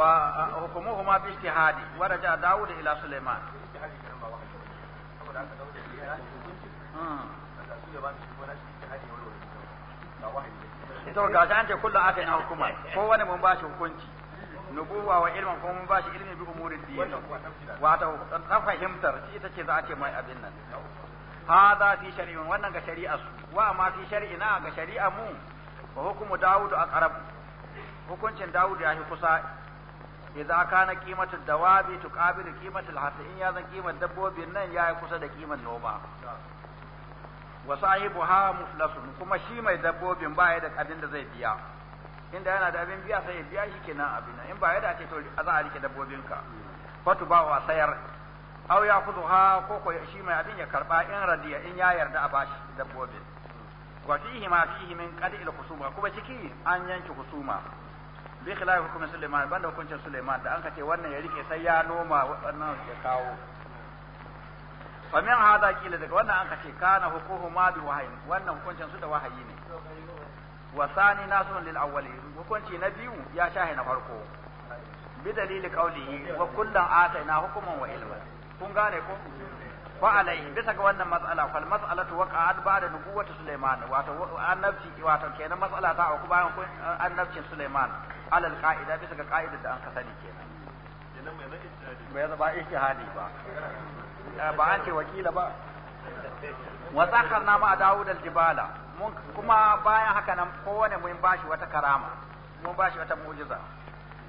وحكمهما باجتهاد ورجع داود إلى سليمان to ga an ce kullum aka yana hukuma ko wani mun bashi hukunci nubuwa wa ilmin ko mun bashi ilmi bi umurin dini wata ta fahimtar shi ita ce za a ce mai abin nan ha hadha fi shari'in wannan ga shari'a su wa ma fi shari'ina ga shari'a mu wa hukumu dawudu aqrab hukuncin dawudu ya fi kusa idza kana qimatu dawabi tuqabilu qimatu hasa in ya zan qimar dabbobin nan ya yi kusa da qimar noma wa sahibuha muflasun kuma shi mai dabbobin baya da abin da zai biya inda yana da abin biya sai ya biya shi kenan abin in ba ya dace to za a rike dabbobinka fatu ba wa sayar aw ya ha, ko ko shi mai abin ya karba in radiya in ya yarda a bashi dabbobin wa fihi ma fihi min qad'il khusuma kuma ciki an yanke khusuma bi khilafi hukumin Sulaiman banda hukuncin Suleiman da an ka ce wannan ya rike sai ya noma wannan ya kawo fa min hada kila daga wannan an ka ce kana hukuhuma bi wahayin wannan hukuncin su da wahayi ne wa sani nasun lil awwali hukunci na biyu ya shahi na farko bi dalili qawlihi wa kullan ataina hukuman wa ilma kun gane ko fa alai bisa ga wannan matsala fal mas'alatu waqa'at ba'da nubuwwati Sulaiman wato annabci wato kenan matsala ta auku bayan annabcin Sulaiman alal qa'ida bisa ga qa'ida da an kasani kenan bai zama ijtihadi ba ba an ce wakila ba wa zakharna ma daud al jibala mun kuma bayan haka nan kowane mun bashi wata karama mun bashi wata mu'jiza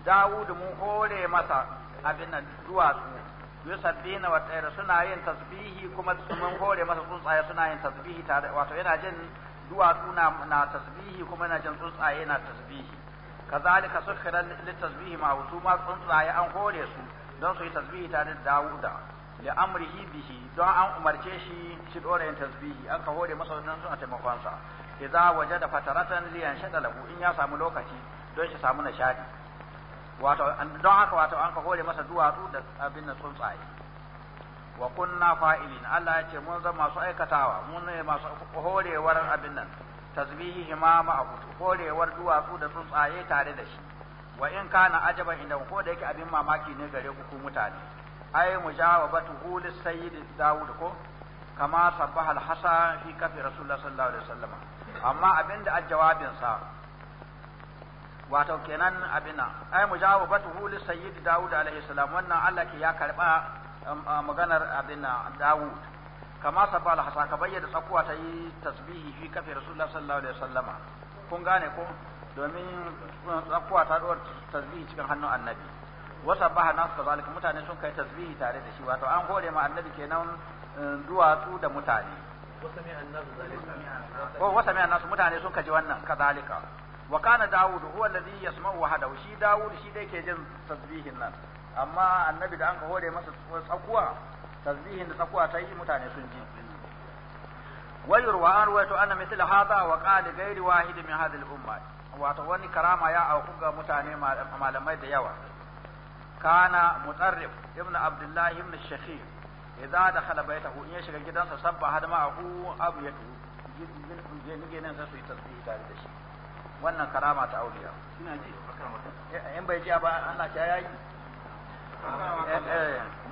Dawud mun hore masa abin nan duwatsu yusabbina wa tsayra suna yin tasbihi kuma mun hore masa tsuntsaye suna yin tasbihi tare wato yana jin duwatsu na tasbihi kuma yana jin tsuntsaye na tasbihi kazalika sukhira litasbihi ma hutu ma tsuntsaye an hore su don su yi tasbihi tare da Dawuda da amrihi bihi don an umarce shi shi dora yin tasbihi an ka hore masa don suna taimakon sa idza wajada fataratan liyan shada lahu in ya samu lokaci don shi samu nishadi don haka wato an ka hore masa duwatsu da abin nan tsuntsaye wa kunna Allah ya ce mun masu aikatawa mun masu horewar abin nan tasbihi ma abu korewar duwatsu da tsuntsaye tare da shi wa in kana ajaba inda ko da yake abin mamaki ne gare ku mutane ai mujawabatu huli sayyid daud ko kama sabbaha al-hasan fi kafi rasulullah sallallahu alaihi wasallam amma abinda ajawabin sa wato kenan abina ai mujawabatu huli sayyid daud alaihi salam wannan Allah ke ya karba um, maganar abina daud kama sabal hasa ka bayyana tsakuwa ta yi tasbihi fi kafi rasulullah sallallahu alaihi wasallama kun gane ko domin uh, tsakuwa ta dora tasbihi cikin hannun annabi wa sabaha nasu kazalika mutane sun kai tasbihi tare da shi wato an hore ma annabi kenan uh, duwatsu da mutane ko wasa mai nasu mutane sun kaji wannan kazalika wa kana dawud huwa alladhi yasma'u wahdahu shi dawud shi dai ke jin tasbihin nan amma annabi da an ka hore masa tsakuwa tasbihin da tsakuwa ta yi mutane sun ji wayurwa an ruwaito anna mithla hadha wa qali ghairi wahid min hadhihi al-umma wato wani karama ya auku ga mutane malamai da yawa kana mutarrif Ibn abdullah ibn shakhir idza dakhala baytahu in ya shiga gidansa sabba hadma ahu abu ya tu gidin gidin sai su yi tasbihi tare da shi wannan karama ta auliya ina ji eh, in bai ji ba Allah ya yayi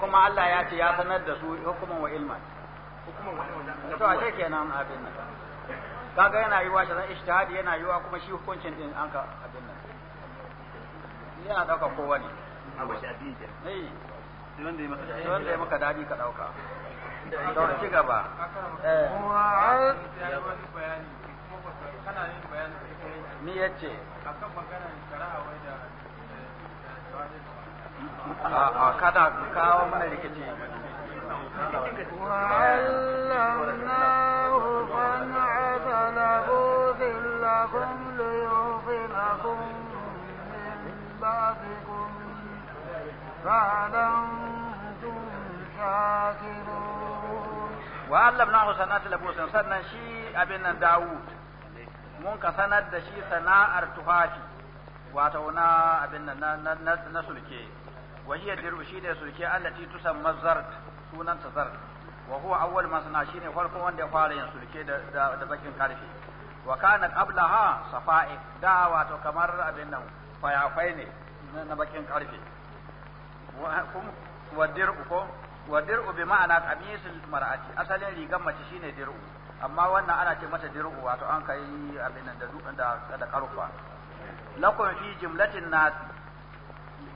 kuma Allah ya ce ya sanar da su hukuman wa ilman hukuman wa kenan abin nan kaga yana yiwa shi zan ijtihadi yana yiwa kuma shi hukuncin din an ka abin nan yana dauka kowa ne a eh wanda ya maka dadi ka dauka to ci gaba eh. mi yace akan magana shari'a wai da eh, a kada kawo mana rikici وعلمناه صنعة لبوس لكم من بعدكم شاكرون wa allamnahu sanata labus sannan shi abin nan Dawud mun ka sanar da shi sana'ar tufafi wata na abin nan na na sulke wa hiya dirbu shine sulke allati tusamma zart sunan ta zart wa huwa awwal ma sana shine farkon wanda ya fara yin sulke da bakin karfi wa kana qablaha safa'i da wato kamar abin nan fayafai ne na bakin karfi wa kum wa dirbu ko wa dir'u bi ma'ana qamisul mar'ati asalin rigan mace shine dir'u amma wannan ana ce mata dir'u wato an kai abin nan da dukan da da karfa lakum fi jumlatin nas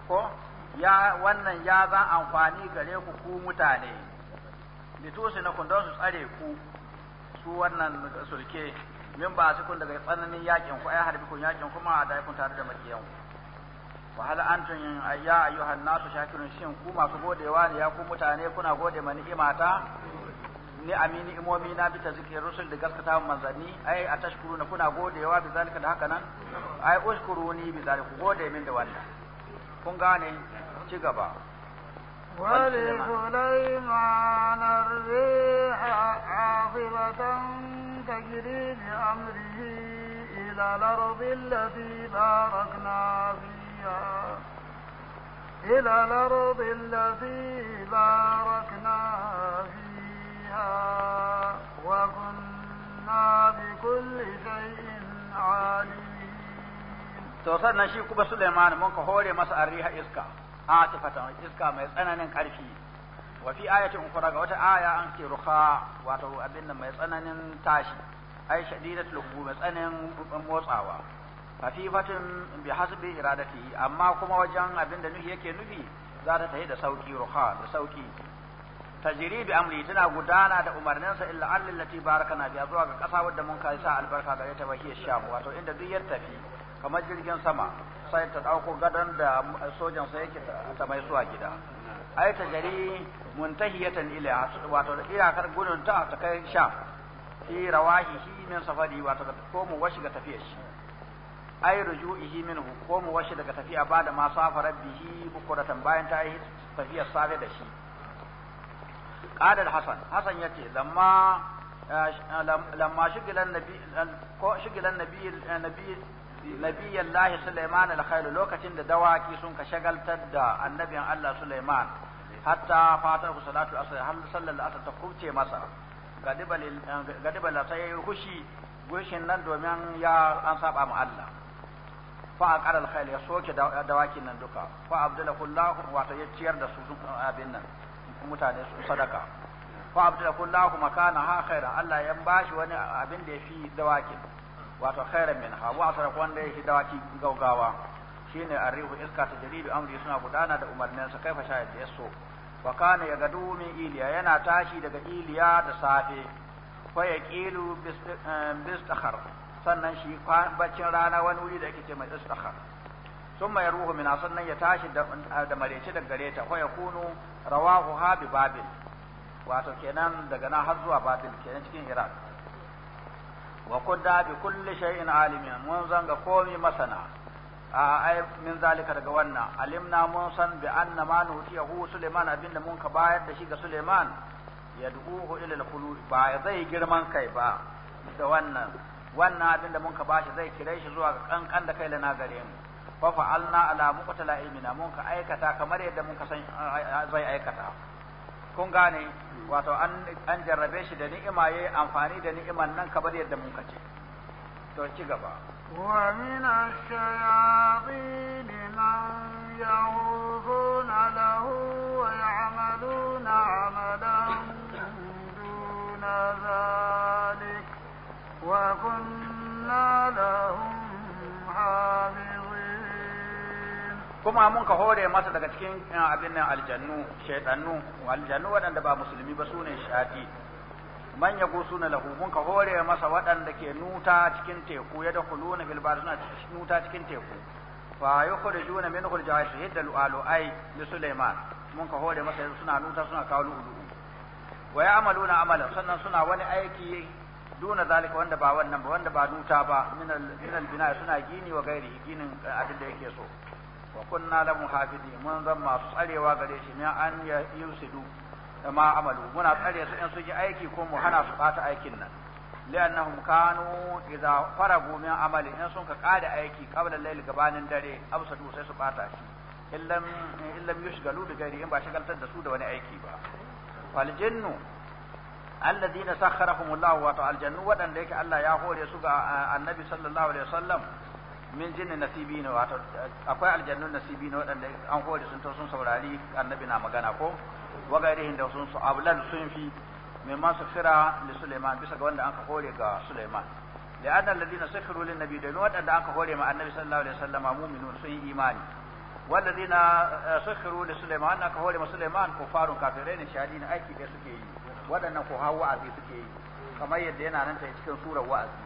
ko ya wannan ya za amfani gare ku ku mutane sai na kun su tsare ku su wannan sulke min ba su kun daga tsananin yakin ku ai harbi kun yakin kuma da kun tare da makiyan ku wa hal antum ya ayyuhan nasu shakirun shin ku masu godewa ne ya ku mutane kuna gode mana ni'imata ni amini imomi na bi ta rusul da gaskata manzanni ai a tashkuru na kuna godewa bi zalika da haka nan ai ushkuru ni bi zalika gode min da wannan kun gane ci gaba ولسليمان الريح عاصفة تجري بأمره إلى الأرض التي باركنا فيها زكريا إلى الأرض التي باركنا فيها وكنا بكل شيء عالمين to sannan shi kuma Sulaiman mun ka hore masa arriha iska atifatan iska mai tsananin karfi wa fi ayatin ukhra ga wata aya an ce ruha wato abin nan mai tsananin tashi ai shadidatul mai tsananin motsawa khafifatun bi hasbi iradati amma kuma wajen abinda nufi yake nufi za ta tafi da sauki ruha da sauki tajri bi amri tana gudana da umarninsa illa Lati, barakana biya zuwa ga kasa wadda mun kai sa albarka gare ta bahiya sham wato inda duk ya tafi kamar jirgin sama sai ta dauko gadan da sojan sa yake ta mai zuwa gida ai tajri muntahiyatan ila wato iyakar gudun ta ta kai sha fi rawahihi min safari wato ko mu washi ga tafiyar shi ay ruju'ihi minhu ko mu washi daga tafiya ba da ma safara bihi bukuratan bayan ta yi tafiya sare da shi qala hasan hasan yace lamma eh, lamma shigilan nabi ko shigilan nabi eh, nabi nabiyan lahi Sulaiman lokacin da dawaki sun ka shagaltar da annabiyan Allah Sulaiman hatta fatar salatu asr har sallar asr ta kubce masa gadibal eh, gadibal sai hushi gushin nan domin ya an saba ma Allah fa a ƙarar khayl ya soke dawakin nan duka fa Abdullahi Allah wato ya ciyar da su abin nan mutane su sadaka fa Abdullahi Allah makana ha khaira Allah ya bashi wani abin da yafi dawakin wato khairan min ha wa asara wanda yake dawaki gaugawa shine arihu iska ta jaribi amri suna gudana da umarnin sa kaifa sha yadda yaso wa kana ya gadu min iliya yana tashi daga iliya da safe fa yaqilu bistakhar eh, sannan shi baccin rana wani wuri da yake ce mai istakha sun mai ruhu mina sannan ya tashi da mareci da gare ta kwaya kunu rawahu ha bi babil wato kenan daga na har zuwa babil kenan cikin iraq wa kudda bi kulli shay'in alimin mun zanga komi masana ai min zalika daga wannan alimna mun san bi anna ma nutiyahu Suleiman abinda mun ka bayar da shi ga Suleiman yad'uhu ila al ba zai girman kai ba da wannan wannan abin da mun ka bashi zai kire shi zuwa ga kankan da kai lana gare mu fa fa'alna ala muqtala ilmina mun ka aikata kamar yadda mun ka san zai aikata kun gane wato an an jarrabe shi da ni'ima yayi amfani da ni'iman nan kamar yadda mun ka ce to ci gaba ومن الشياطين من يعوذون له ويعملون عملا دون ذلك وكنا لهم حافظين كما من كهوري cikin eh, abin nan aljannu shaytanu aljannu wadanda ba musulmi ba sune shadi man yago suna lahu mun ka hore masa waɗanda ke nuta cikin teku ya da kuluna bil barzuna suna nuta cikin teku fa yukhrijuna min khurjati hidda lu'alu'ai li Sulaiman mun ka hore masa suna nuta suna kawo lu'u wa ya'maluna amalan sannan suna wani aiki duna zalika wanda ba wannan ba wanda ba duta ba min al bina suna gini wa gairi ginin eh, abin da yake so wa kunna la muhafizi mun zan masu tsarewa gare shi ne an ya yusidu da ma amalu muna tsare su in su ji aiki ko mu hana su bata aikin nan li'annahum kanu idza faragu min amali in sun ka kada aiki qabla layl gabanin dare absadu sai su bata shi illam eh, illam yushgalu bi gairi in ba shagaltar da su da wani aiki ba fal jinnu alladhina sakharahum Allah wa ta'al jannu yake Allah ya hore su ga annabi sallallahu alaihi wasallam min jinni nasibin wa akwai aljannun nasibin wadanda an hore sun to sun saurari annabi na magana ko wa gairihin da sun su ablan sun fi mai masu fira da Suleiman bisa ga wanda aka hore ga Suleiman waɗannan ko hawa wa'azi suke yi kamar yadda yana nan ta cikin surar wa'azi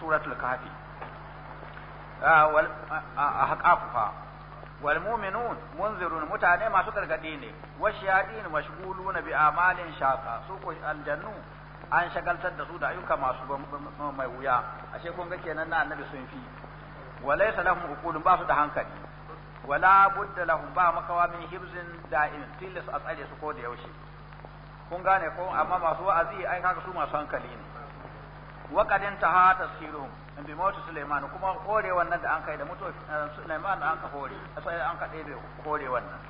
suratul kafi a haƙaƙufa wal mu'minun munzirun mutane masu gargaɗi ne washiyadin mashghuluna bi amalin shaqa su ko aljannu an shagaltar da su da ayyuka masu mai wuya ashe kun ga kenan na annabi sun fi walaysa lahum uqulun ba su da hankali wala budda lahum ba makawa min hibzin da'im tilas a tsare su ko da yaushe kun gane ko amma masu wa'azi ai kaga su masu hankali ne wa qadin taha tasiruhum bi mawt sulaiman kuma hore wannan da an kai da mutuwa eh, sulaiman an ka hore sai eh, an ka ɗebe hore wannan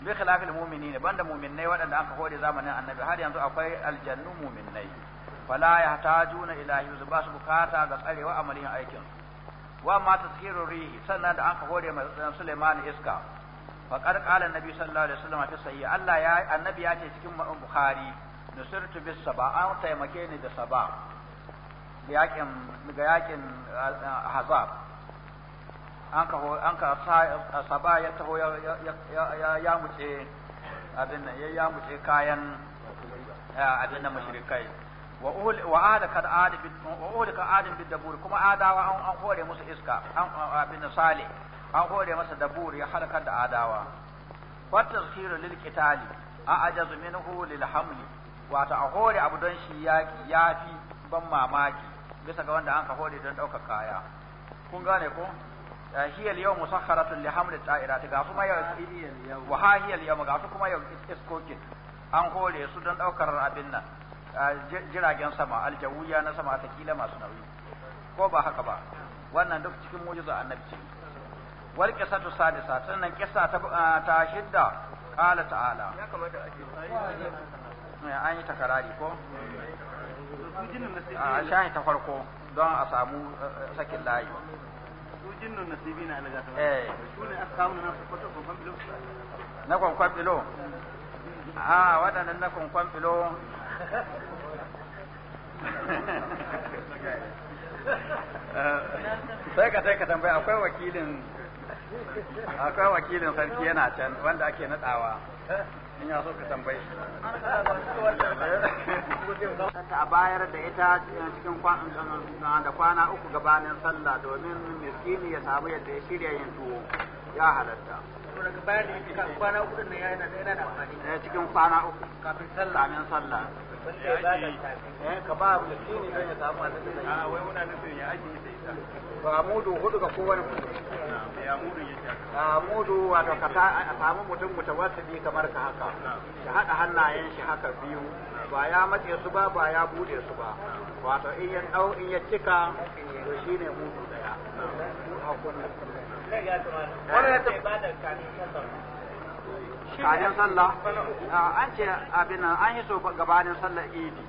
bi khilafil mu'minin banda mu'minnai waɗanda an ka hore zamanin annabi har yanzu akwai aljannu mu'minnai fala yahtajuna ila yuzu ba su bukata ga tsarewa amalin aikin wa ma tasirur rihi sannan da an ka hore mai sulaiman iska Faƙar qala Nabi sallallahu alaihi wasallam ta sayyi Allah ya annabi ya ce cikin bukhari nusirtu bis saba an taimake ni da saba yakin ga yakin hazab an ka an ka saba ya taho ya ya ya muce abin nan ya ya muce kayan abin nan mushrikai wa uhul wa alaka adabit wa ulika adam bid dabur kuma adawa an hore musu iska an abin salih an hore masa dabur ya halakar da adawa wa tazkiru lil qitali a ajazu minhu lil hamli wato a hore abu don shi yaki yafi ban mamaki bisa ga wanda an ka hore don daukar kaya kun gane ko eh, hiya al yawm musakharatu li hamli ta'irat ga kuma yau wa ha hiya al yawm ga kuma yau iskokin an hore su don daukar abin nan eh, jiragen sama aljawiya na sama ta kila masu nauyi ko ba haka ba wannan duk cikin mujiza annabi ce wal qisatu sadisa sannan qissa ta ah, ta shidda qala ta'ala ya kamata a an yi takarari eh, ko a ah, shahi ta farko don a samu eh, eh, sakin layi jinnun nasibi na alaga ta eh su ne na kwato kwankwan filo na kwankwan filo a ah, waɗannan na kwankwan filo sai ka sai ka tambaya akwai wakilin akwai wakilin sarki yana can wanda ake nadawa in ya so ka tambaye shi a bayar da ita cikin da kwana uku gabanin sallah domin miskini ya samu yadda ya shirya yin tuwo ya halatta kwana uku din yana da yana da amfani eh, cikin kwana uku kafin sallah min sallah eh, ka ba miskini don ya samu a ah, wai muna nufin ya ake ba mudu hudu ga kowane mutum a mudu wato ka samu mutum mutawassidi kamar ka haka ka haɗa hannayen shi haka biyu ba ya matse su ba ba ya bude su ba wato in ya dau in ya cika to shine mudu daya eh. kanin sallah ah, an ce abin an yi so gabanin sallar idi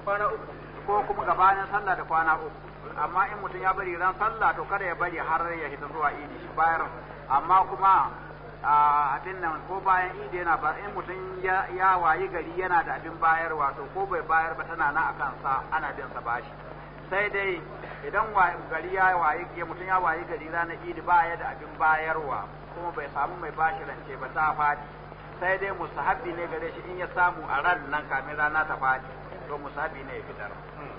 ko kuma gabanin sallah da kwana uku amma in mutum ya bari ran sallah to kada ya bari har ya hita zuwa idi shi bayar amma kuma a abin nan ko bayan idi yana ba in mutum ya wayi gari yana da abin bayar wato ko bai bayar ba tana na akan sa ana bin sa bashi sai dai idan gari ya wayi ya mutum ya wayi gari ranar idi ba ya da abin bayarwa kuma bai samu mai bashi rance ba ta fadi sai dai musahabi ne gare shi in ya samu a ran nan kamin rana ta fadi to musahabi ne ya fitar hmm.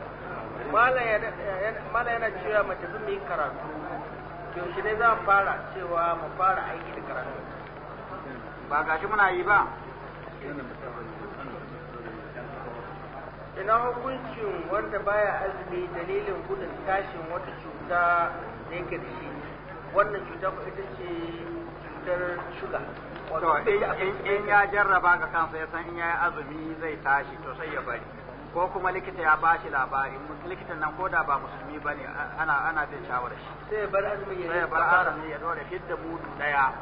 mala yana cewa mace sun yi karatu yaushe ne za mu fara cewa mu fara aiki da karatu ba gashi muna yi ba ina hukuncin wanda baya azumi dalilin gudun tashin wata cuta da yake da shi wannan cuta ko ita ce cutar shuga to in ya jarraba ga kansa ya san in ya yi azumi zai tashi to sai ya bari ko kuma likita ya bashi labari likitan nan ko da ba musulmi ba ne ana ana bin shawarar shi sai bar azumi ya sai bar azumi ya dore fidda mutu daya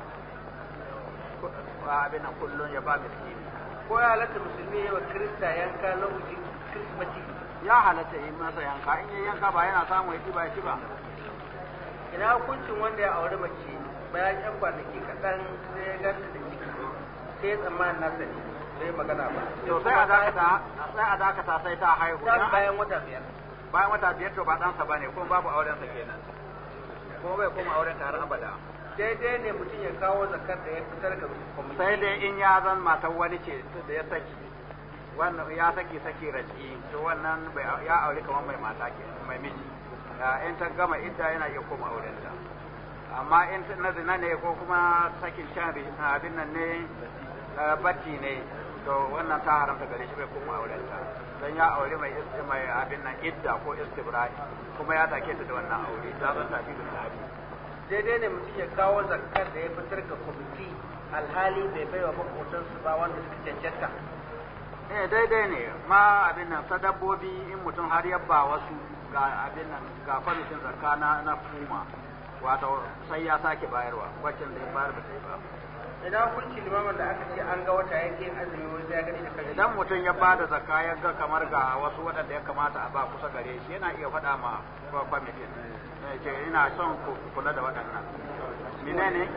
abin nan kullun ya ba miskini ko ya halatta musulmi ya wa kirista yanka lokacin kirsimati ya halatta yi masa yanka in yi yanka ba yana samu ya ba ya ci ba ina hukuncin wanda ya auri mace bayan yan kwanaki kaɗan sai ya ganta da ciki sai tsammanin nasa ne sai magana ba to sai a dakata sai a dakata sai ta haihu bayan wata biyar bayan wata biyar to ba dan sa bane kuma babu auren sa kenan kuma bai koma auren ta har abada daidai ne mutum ya kawo zakar da ya fitar da kwamitin sai dai in ya zan matar wani ce da ya saki wannan ya saki saki raji to wannan ya aure kamar mai mata ke mai miji in ta gama idda yana iya koma auren ta amma in na zina ne ko kuma sakin shan abin nan ne eh, bacci ne to wannan ta haramta gare shi bai koma auren ta dan ya aure mai mai abin nan idda ko istibra'i kuma ya take ta da wannan aure ta zanta tafi da tsari daidai ne mutum ya kawo zakkar da ya fitar ga kwamiti alhali bai bai wa su ba wanda suka cancanta eh daidai ne ma abin nan sadabbobi in mutum har ya ba wasu ga abin nan ga kwamitin zakka na na kuma wato sai ya sake bayarwa wacce da ya bayar ba sai ba idan hukuncin limamin da aka ce an ga wata yake azumi wani ya gani da kaji. idan mutum ya bada zakka ya ga kamar ga wasu waɗanda ya kamata a ba kusa gare shi yana iya faɗa ma kwamitin eh, ke ina son kula da waɗannan menene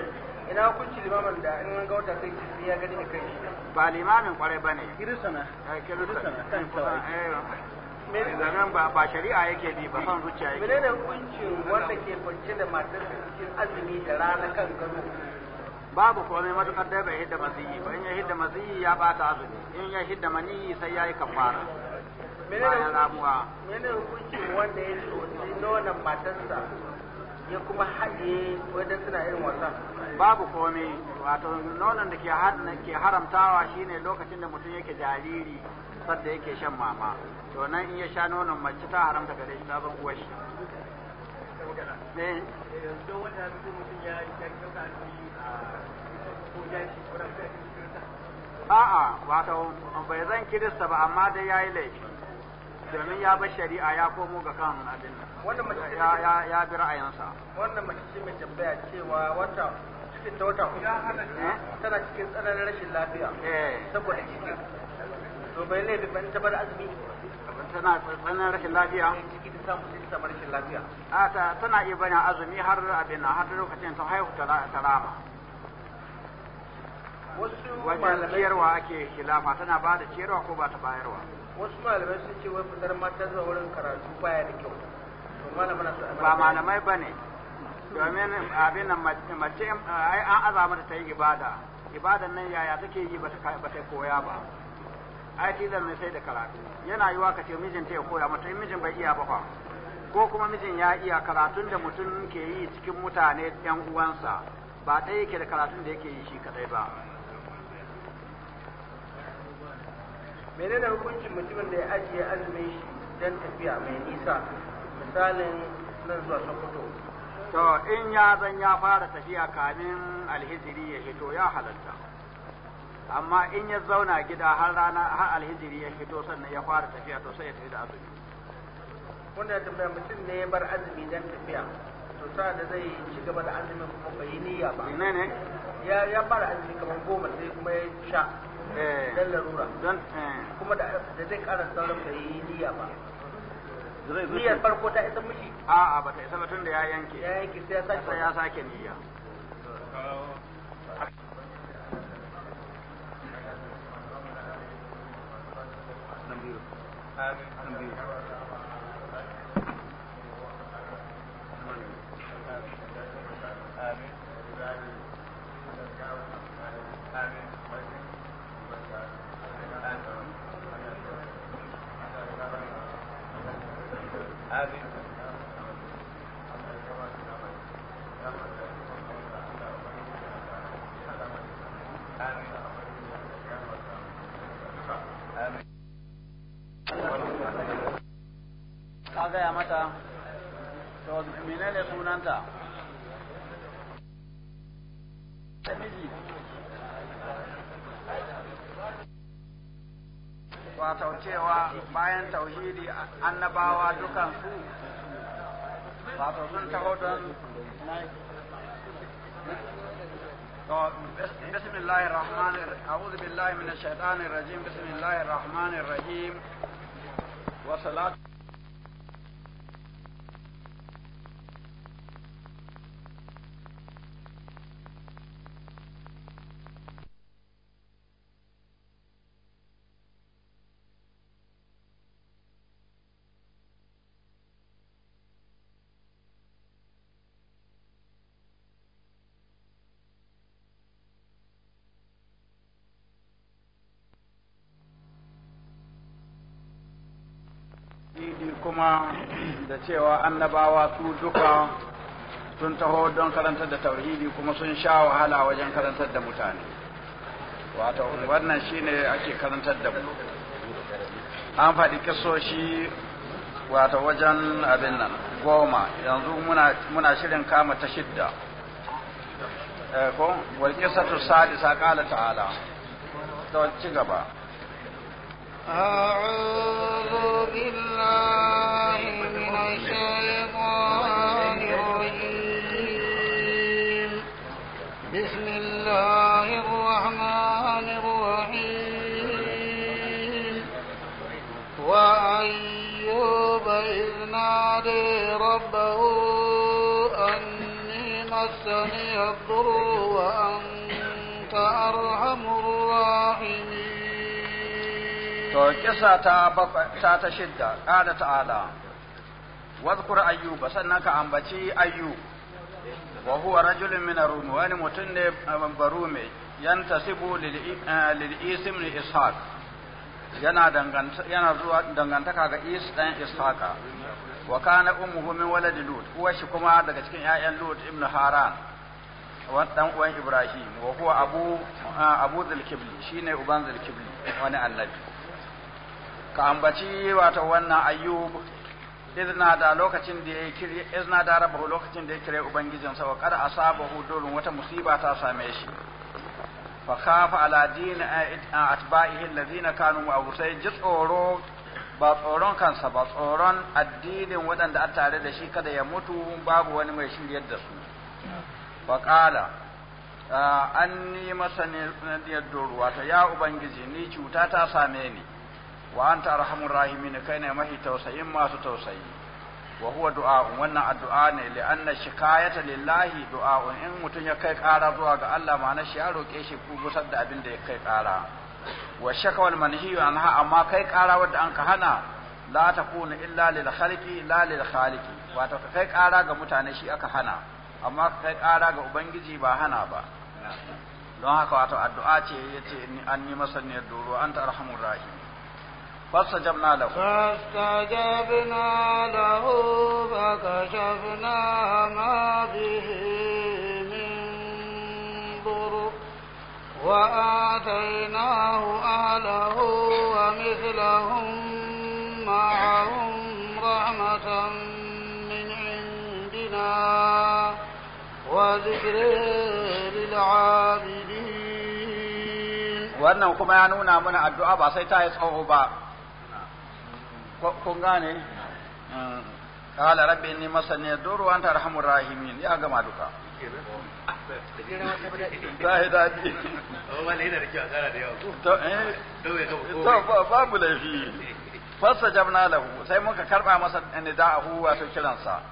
ina hukuncin limamin da in an ga wata sai ki ya gani da kaji. ba limamin kwarai bane kirisana eh, kirisana kan kawai eh, zanen ba ba shari'a yake bi ba son zuciya yake. Menene hukuncin wanda ke kwance da matar cikin azumi da rana kan gado babu komai matukar dai bai hidda maziyi ba in ya hidda maziyi ya bata azumi in ya hidda maniyi sai ya yi kafara bayan ramuwa mene hukunci wanda ya tsotsi nonon matarsa ya kuma haɗe wadda suna irin wasa babu komai wato nonon da ke haramtawa shine lokacin da mutum yake jariri sadda yake shan mama to nan in ya sha nonon mace ta haramta gare shi ta zan uwar shi a'a wato bai zan kirista ba amma dai yayi laifi domin ya bar shari'a ya komo ga kan abin nan wannan mace ya ya bi ra'ayinsa wannan mace ce mai tambaya cewa wata cikin ta wata kuma eh? tana cikin tsananin rashin lafiya eh. saboda ciki to bai laifi ban ta bar azumi tana tsananin rashin lafiya ciki ta samu ciki ta rashin lafiya a tana iya bani azumi har abin nan har lokacin ta haihu ta rama wajen ciyarwa ake khilafa tana ba da ciyarwa ko ba ta bayarwa wasu malamai sun ce wai fitar mata zuwa wurin karatu baya da kyau ba malamai ba ne domin abin nan mace ai an azama ta yi ibada ibadan nan yaya take yi ba ta koya ba ai tilan ne sai da karatu yana yiwa ka ce mijinta ya koya mata in mijin bai iya ba fa ko kuma mijin ya iya karatun da mutum ke yi cikin mutane yan uwansa ba ɗaya yake da karatun da yake yi shi kadai ba menene hukuncin mutumin da ya ajiye azumin shi don tafiya mai nisa misalin nan zuwa sokoto to in ya zan ya fara tafiya kamin alhijiri ya hito ya halatta amma in ya zauna gida har rana har alhijiri ya hito sannan ya fara tafiya to sai ya tafi da azumi wanda tambaya mutum ne ya bar azumi don tafiya to sa da zai ci gaba da azumin kuma bai yi niyya ba ne ne ya bar azumi kamar goma sai kuma ya sha Eh. dan larura don eh. kuma da zai sauran bai yi niyya ba niyyar farko ta isa ba tunda ya yanke ya yanke Thank you. tauhidi annabawa dukansu wato sun taho don بسم الله الرحمن أعوذ بالله من الشيطان الرجيم بسم الله الرحمن الرحيم والصلاة kuma da cewa annabawa su duka sun taho don karantar da tauhidi kuma sun sha wahala wajen karantar da mutane wato wannan shine ake karantar da mu an faɗi kisoshi wato wajen abin nan goma yanzu muna shirin kama ta shidda eh, ko wal qissatu sadisa ta'ala don ci gaba أعوذ بالله من الشيطان الرجيم بسم الله الرحمن الرحيم وأيوب ربه أني مسني الضر وأنت أرحم الراحمين to kisa ta ta ta shidda qala ta'ala wadhkur ayyuba sannan ka ambaci ayyub wa huwa rajulun min wani mutun ne um, barume yantasibu lil eh, isim ni ishaq yana zuwa dangantaka ga is dan ishaqa wa kana ummuhu min walad lut shi kuma daga cikin ya'yan lut ibnu haran wa dan uwan ibrahim wa abu eh, abu dhul shine uban dhul wani annabi ka ambaci wato wannan ayyub izna da lokacin da ya kire izna da rabu lokacin da ya kire ubangijin sa wa qad asabahu wata musiba ta same shi fa khafa ala din atba'ihi alladhina kanu mu'awsay jitsoro ba tsoron kansa ba tsoron addinin waɗanda a tare da shi kada ya mutu babu wani mai shiryar da su fa qala an ni masani ya ubangiji ni cuta ta same ni wa anta arhamur rahimin kai ne mahi tausayin masu tausayi wa huwa wannan addu'a ne li anna shikayata lillahi du'a'un in mutun ya kai ƙara zuwa ga Allah ma'ana shi ya roke shi ku gusar da abin da ya kai ƙara wa shakawal manhiyu anha amma kai ƙara wanda an ka hana la takunu illa lil khaliqi la lil khaliqi kai ƙara ga mutane shi aka hana amma kai ƙara ga ubangiji ba hana ba don haka wato addu'a ce yace an yi masa ne anta arhamur rahim فاستجبنا له فاستجبنا له فكشفنا ما به من ضر وآتيناه أهله ومثلهم معهم رحمة من عندنا وذكر للعابدين وأنه كما ينونا من الدعاء بسيطة يسعوه بقى kun gane qala rabbi inni masani duru anta arhamur rahimin ya gama duka ta daɗi to eh. babu laifi fasa jabna lahu sai muka karba masa da nida'ahu wato kiransa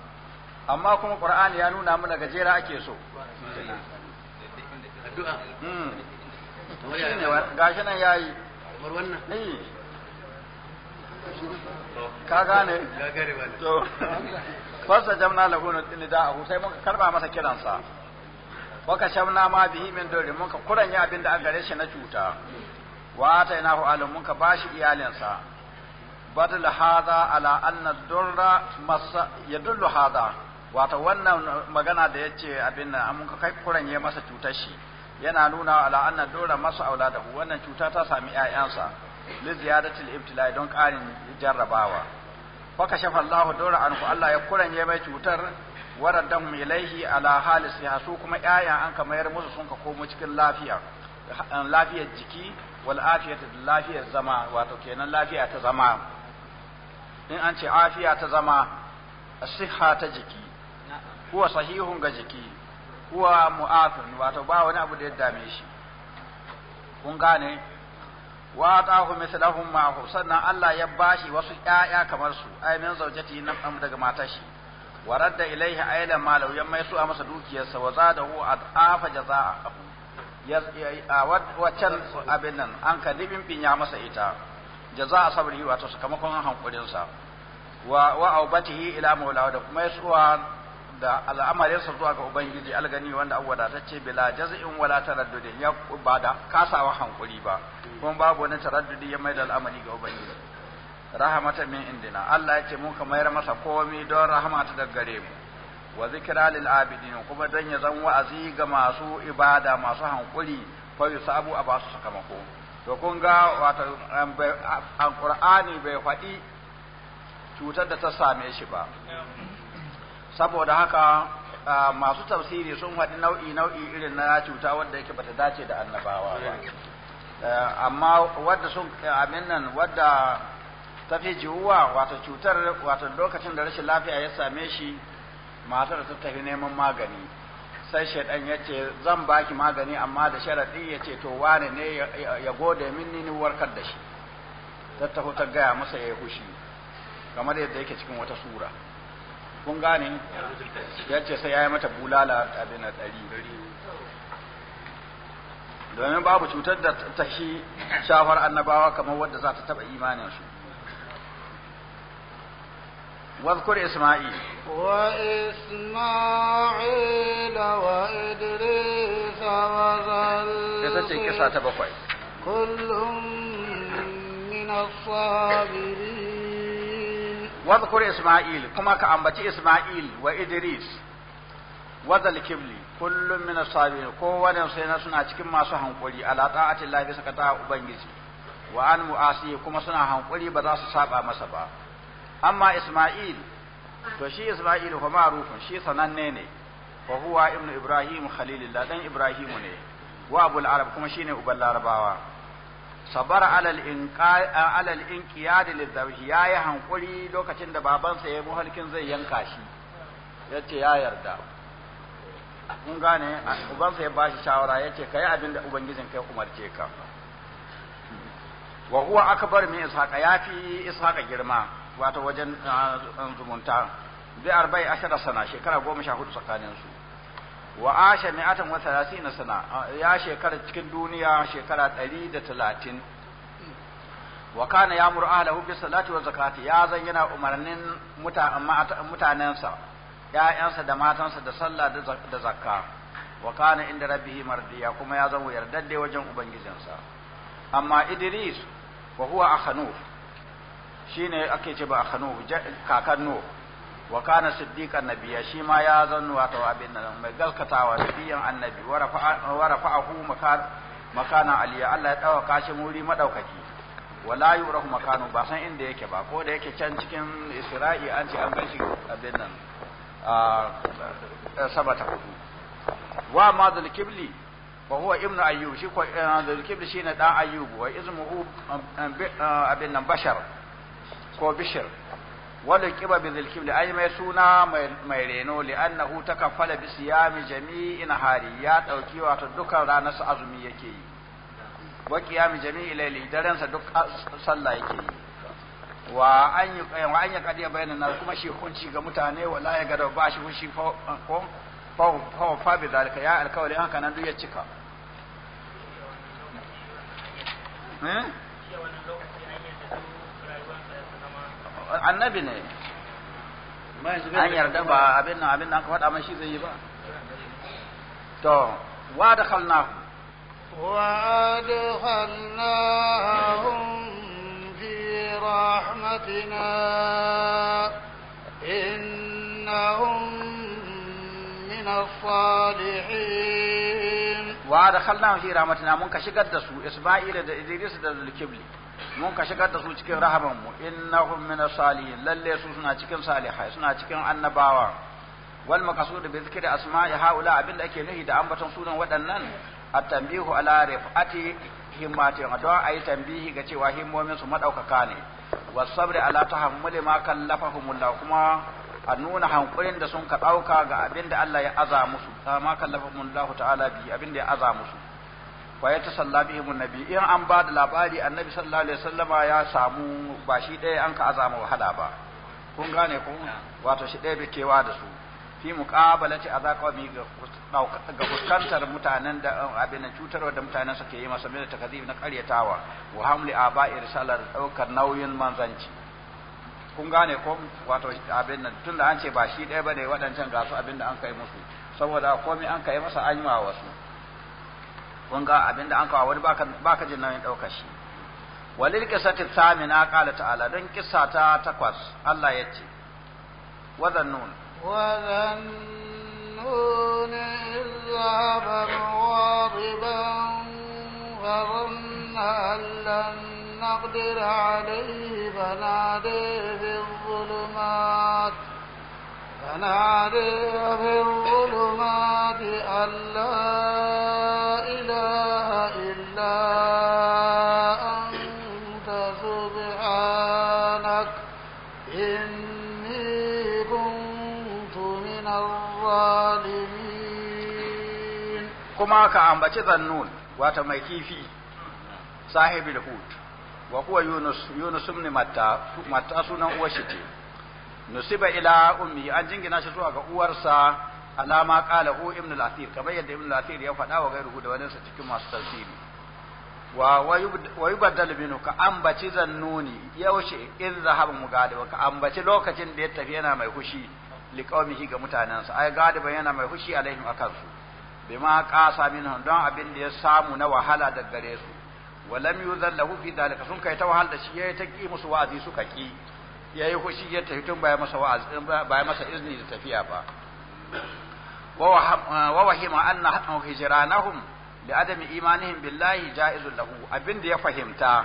amma kuma qur'ani ya nuna mana gajera ake so addu'a hmm. gashi nan yayi kamar wannan eh. ka gane to fasa jamna lahu nida'ahu sai muka karba masa kiransa wa kashamna ma bihi min dori muka kuranya abinda an gare shi na cuta wa ta ina hu alim muka bashi iyalinsa badal hadha ala anna durra masa yadullu hadha wata wannan magana da yace abin nan an muka kai kuranye masa cutar shi yana nuna ala anna durra masa auladahu wannan cuta ta sami ƴaƴansa li ziyadatil ibtila don karin jarrabawa fa kashafa Allah dora anku Allah ya kuranye mai cutar waraddahum ilaihi ala halis ya su kuma ƴaƴan an ka mayar musu sun ka komo cikin lafiya lafiyar jiki wal afiyatu lafiyar zama wato kenan lafiya ta zama in an ce afiya ta zama siha ta jiki huwa sahihun ga jiki huwa mu'afin wato ba wani abu da ya dame shi kun gane wa atahu mithlahum ma sannan Allah ya bashi wasu 'ya'ya kamar su ainin zaujati na nan daga matar shi wa radda ilaihi ayla malau yamma su a masa dukiyarsa wa zadahu adafa jazaa a waccan abin nan an ka bin ya masa ita jaza a sabri wato sakamakon hankulinsa wa wa aubatihi ila maula da kuma yasuwa da al'amarinsa zuwa ga ubangiji algani wanda an wadatacce bila jaz'in wala taraddudin ya ba da kasawa hankuri ba kuma babu wani taraddudi ya mai da al'amari ga ubangiji rahamata min indina Allah ya ce mun ka mayar masa komai don rahamata daga gare mu wa zikra lil abidin kuma dan ya zan wa'azi ga masu ibada masu hankuri fa yusabu a basu sakamako to kun ga wato alqur'ani bai faɗi cutar da ta same shi ba saboda haka masu tafsiri sun faɗi nau'i nau'i irin na cuta wadda yake bata dace da annabawa ba amma wadda sun amin nan wadda ta fi jiwuwa wato cutar wato lokacin da rashin lafiya ya same shi matar ta tafi neman magani sai shaidan ya ce zan baki magani amma da sharaɗi ya ce to wane ne ya gode min ni warkar da shi ta taho ta gaya masa ya yi hushi kamar yadda yake cikin wata sura kun gane ya ce sai ya yi mata bulala abin a ɗari domin babu cutar da ta shi shafar annabawa kamar wadda za ta taɓa imaninsu واذكر إسماعيل وإسماعيل وإدريس وذا القسم كلهم من الصابرين wadhkur isma'il kuma ka ambaci isma'il wa idris wadhal kibli kullum min as-sabirin ko wadan sai na suna cikin masu hankuri ala ta'ati Allah bisa ubangiji wa an mu'asi kuma suna hankuri ba za su saba masa ba amma isma'il to shi isma'il fa ma'rufun shi sananne ne wa huwa ibnu ibrahim khalilillah dan ibrahimu ne wa abul arab kuma shine uban larabawa sabar alal inqiyad ya yi hankuri lokacin da babansa ya halkin zai yanka shi yace ya yarda mun gane ubansa ya bashi shawara yace kai abin da ubangijin kai umarce ka wa huwa akbar min ishaqa yafi ishaqa girma wato wajen ah, zumunta bi arba'i ashara sana shekara goma 14 tsakanin su wa asha mi'atan wa thalathina sana ya shekara cikin duniya shekara 130 wa kana ya'muru ahlahu bis salati wa zakati ya zan yana umarnin mutanensa ya'yansa da matansa da sallah da zakka wa kana inda rabbihi mardiya kuma ya zan yardadde wajen ubangijinsa amma idris wa huwa akhanuf shine ake ce ba akhanuf kakan nuh wa kana siddiqan nabiyya shi ma ya zannu wato abin nan mai galkatawa biyan annabi wa rafa'ahu makana aliya Allah ya dawa kashin wuri madaukaki wala yurahu makanu ba san inda yake ba ko da yake can cikin isra'i an ce an gashi abin nan a sabata hudu wa ma dhul kibli wa huwa ibnu ayyub shi ko dhul kibli shine dan ayyub wa izmuhu abin nan bashar ko bishir wala kiba bi zilkibli ai mai suna mai reno li'annahu takaffala bi siyami jami'in hari ya dauki wato dukkan ranar sa azumi yake yi wa qiyami jami'i layli daren sa duk sallah yake yi wa an yi wa an yakadi bayanan kuma shi hunci ga mutane wala ya gado ba shi hunci fa fa fa bi zalika ya alkawari haka nan duk ya cika eh annabi ne an yarda ba abin nan abin nan ka faɗa mai shi zai yi ba to wa da khalna wa da khalnahum fi rahmatina innahum min as-salihin wa da fi rahmatina mun ka shigar da su isma'ila da idris da zulkifli mun ka shigar da su cikin rahaman mu innahum min salihin lalle su suna cikin salihai suna cikin annabawa wal maqsud bi zikri asma'i haula abinda ake nuhi da ambaton sunan waɗannan at-tanbihu ala rifati himmati adwa ayi tanbihi ga cewa himmomin su madaukaka ne sabri ala tahammuli ma Allah kuma a nuna hankulin da sun ka dauka ga abinda Allah ya aza musu ma Allah ta'ala bi abinda ya aza musu fa ya ta sallabi mun nabi in an ba da labari annabi sallallahu alaihi wasallama ya samu ba shi ɗaya an ka azama wahala ba kun gane ko wato shi ɗaya bai kewa da su fi muqabalati azaqami ga ga fuskantar mutanen da abin cutar da mutanen suke yi masa mai takazib na karyatawa wa hamli aba'i risalar daukar nauyin manzanci kun gane ko wato abin nan tunda an ce ba shi ɗaya bane waɗancan gasu abin da an kai musu saboda komai an kai masa an yi wasu kun ga abinda an kawo wani baka jin nauyin ɗaukar shi walil qissati samina qala ta'ala don kisa ta takwas Allah ya ce wazannun wazannun izaba muwadiban فظن أن لن نقدر عليه فنادي في kuma ka ambaci zannun wata mai kifi sahibi da hut wa kuwa yunus yunus sun ne sunan uwa shi nusiba ila ummi an jingina shi zuwa ga uwarsa alama qala hu ibn al-athir kamar yadda ibn al-athir ya faɗa wa gairu da wadansa cikin masu tafsiri wa wa yubaddal binu ka ambaci zannuni yaushe in zahaba mugadiba ka ambaci lokacin da ya tafi yana mai hushi liqaumihi ga mutanansa ai gadiban yana mai hushi alaihim akansu bima qasa minhum don abin da ya samu na wahala da gare su wa lam yuzallahu fi dalika sun kai ta wahala da shi yayi ta ki musu wa'azi suka ki yayi hushi ya tafi tun baya masa wa'az baya masa izini da tafiya ba wa eh, wahima anna hijranahum li adami imanihim billahi jaizun lahu abinda ya fahimta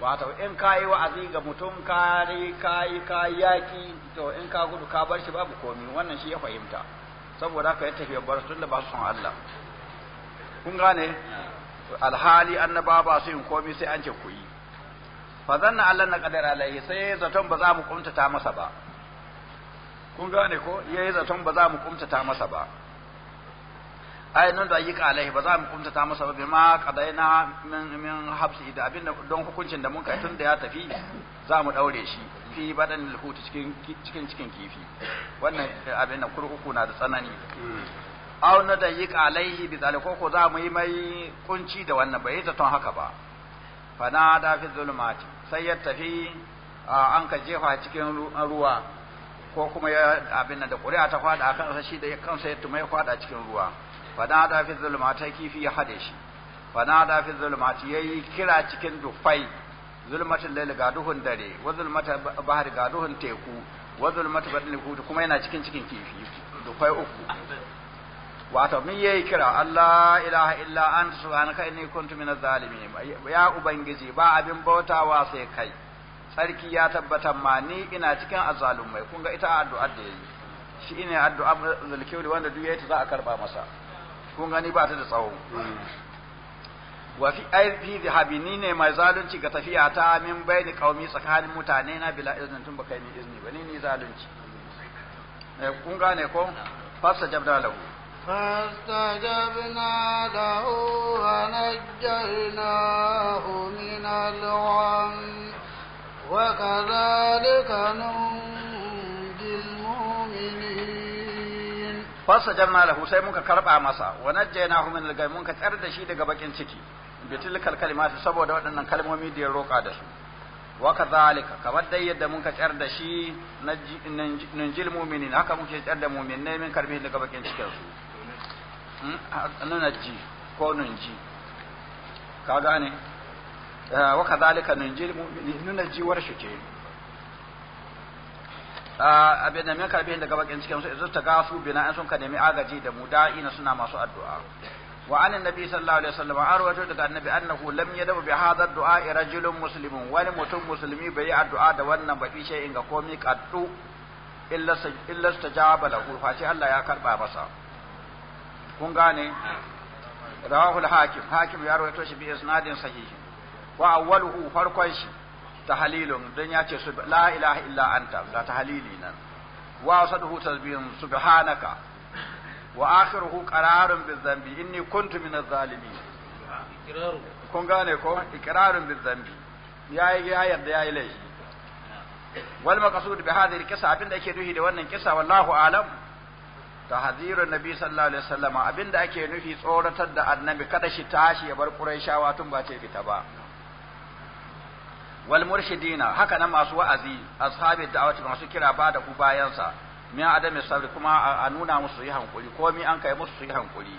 wato in kayi wa'azi ga mutum kare kayi kayi yaki to in ka gudu ka bar shi babu komi wannan shi ya fahimta saboda haka ya tafi bar tun da ba su son Allah kun gane alhali annaba ba su yin komi sai an ce ku yi fa zanna Allah na kadar alaihi sai yayi zaton ba za mu kumtata masa ba kun gane ko yayi zaton ba za mu kumtata masa ba ai nan da yi alaihi ba za mu kumtata masa ba bima qadaina min min habsi da abin don hukuncin da mun kai tun da ya tafi za mu daure shi fi badan alhut cikin cikin cikin kifi wannan eh, abin nan kurkuku na da tsanani hmm. aw na da yi alaihi bi zalika ko za mu yi mai kunci da wannan bai zaton haka ba da fi zulmati sai ya tafi an ka jefa cikin ruwa ko kuma ya abin nan da ƙuri'a ta kwada akan kansa shi da kansa ya tuma ya kwada cikin ruwa da fi zulmati kifi ya hade shi da fi zulmati yayi kira cikin dufai zulmatin lail ga duhun dare wa zulmatin bahar ga duhun teku wa zulmatin badin kuma yana cikin cikin kifi dufai uku wato min yayi kira Allah ilaha illa anta subhanaka inni kuntu minaz zalimin ya ubangiji ba abin bautawa sai kai sarki ya tabbatar ma ni ina cikin azalumai kun ga ita addu'a da yayi shi ina addu'a zulkiwli wanda duk yayi ta za a karba masa kun gani ba ta da tsawo wa fi aifi da habini ne mai zalunci ga tafiya ta min bayni kaumi tsakanin mutane na bila iznin tun kai ni izini ba ni ni zalunci eh, kun gane ko fasa jabda lahu فاستجبنا له ونجيناه من الغم وكذلك ننجي المؤمنين فاستجبنا له سي منك كربا مسا ونجيناه من الغم منك تسر da shi daga bakin ciki bitilkal kalimatu saboda waɗannan kalmomi da ya roƙa da su waka zalika kamar dai yadda da shi na jil mu'minin haka muke tsar da mu'minai min karbi daga bakin cikin su nuna hmm? ji ko nunji ka gane eh, wa kadhalika nunji nuna jiwar shi ce ah, abin da muka bin daga bakin cikin su idan ta gasu bina in sun ka nemi agaji da mu da'ina suna masu addu'a wa an annabi sallallahu alaihi wasallam arwato daga annabi annahu lam yadabu bi hadha ad-du'a rajulun muslimun wani mutum musulmi bai yi addu'a da wannan ba fi shay'in ga komai kaddu illa illa tajaba lahu fa Allah ya karba masa kun gane rawahu al-hakim hakim ya rawaito shi bi isnadin sahihi wa awwaluhu farkon shi tahlilun dan ya ce la ilaha illa anta ga tahlili nan wa saduhu tasbihun subhanaka wa akhiruhu qararun bizambi inni kuntu min az-zalimin kun gane ko iqrarun bizambi yayi ya yarda yayi laifi wal maqsud bi hadhihi al-qissa abinda yake duhi da wannan kisa wallahu alam tahzirun nabi sallallahu alaihi wasallam abinda ake nufi tsoratar da annabi kada shi tashi ya bar quraishawa tun ba ce fita ba wal murshidina haka nan masu wa'azi ashabi da'awati masu kira ba da ku bayansa min adami sabri kuma a nuna musu yi hankuri ko mi an kai musu su yi hankuri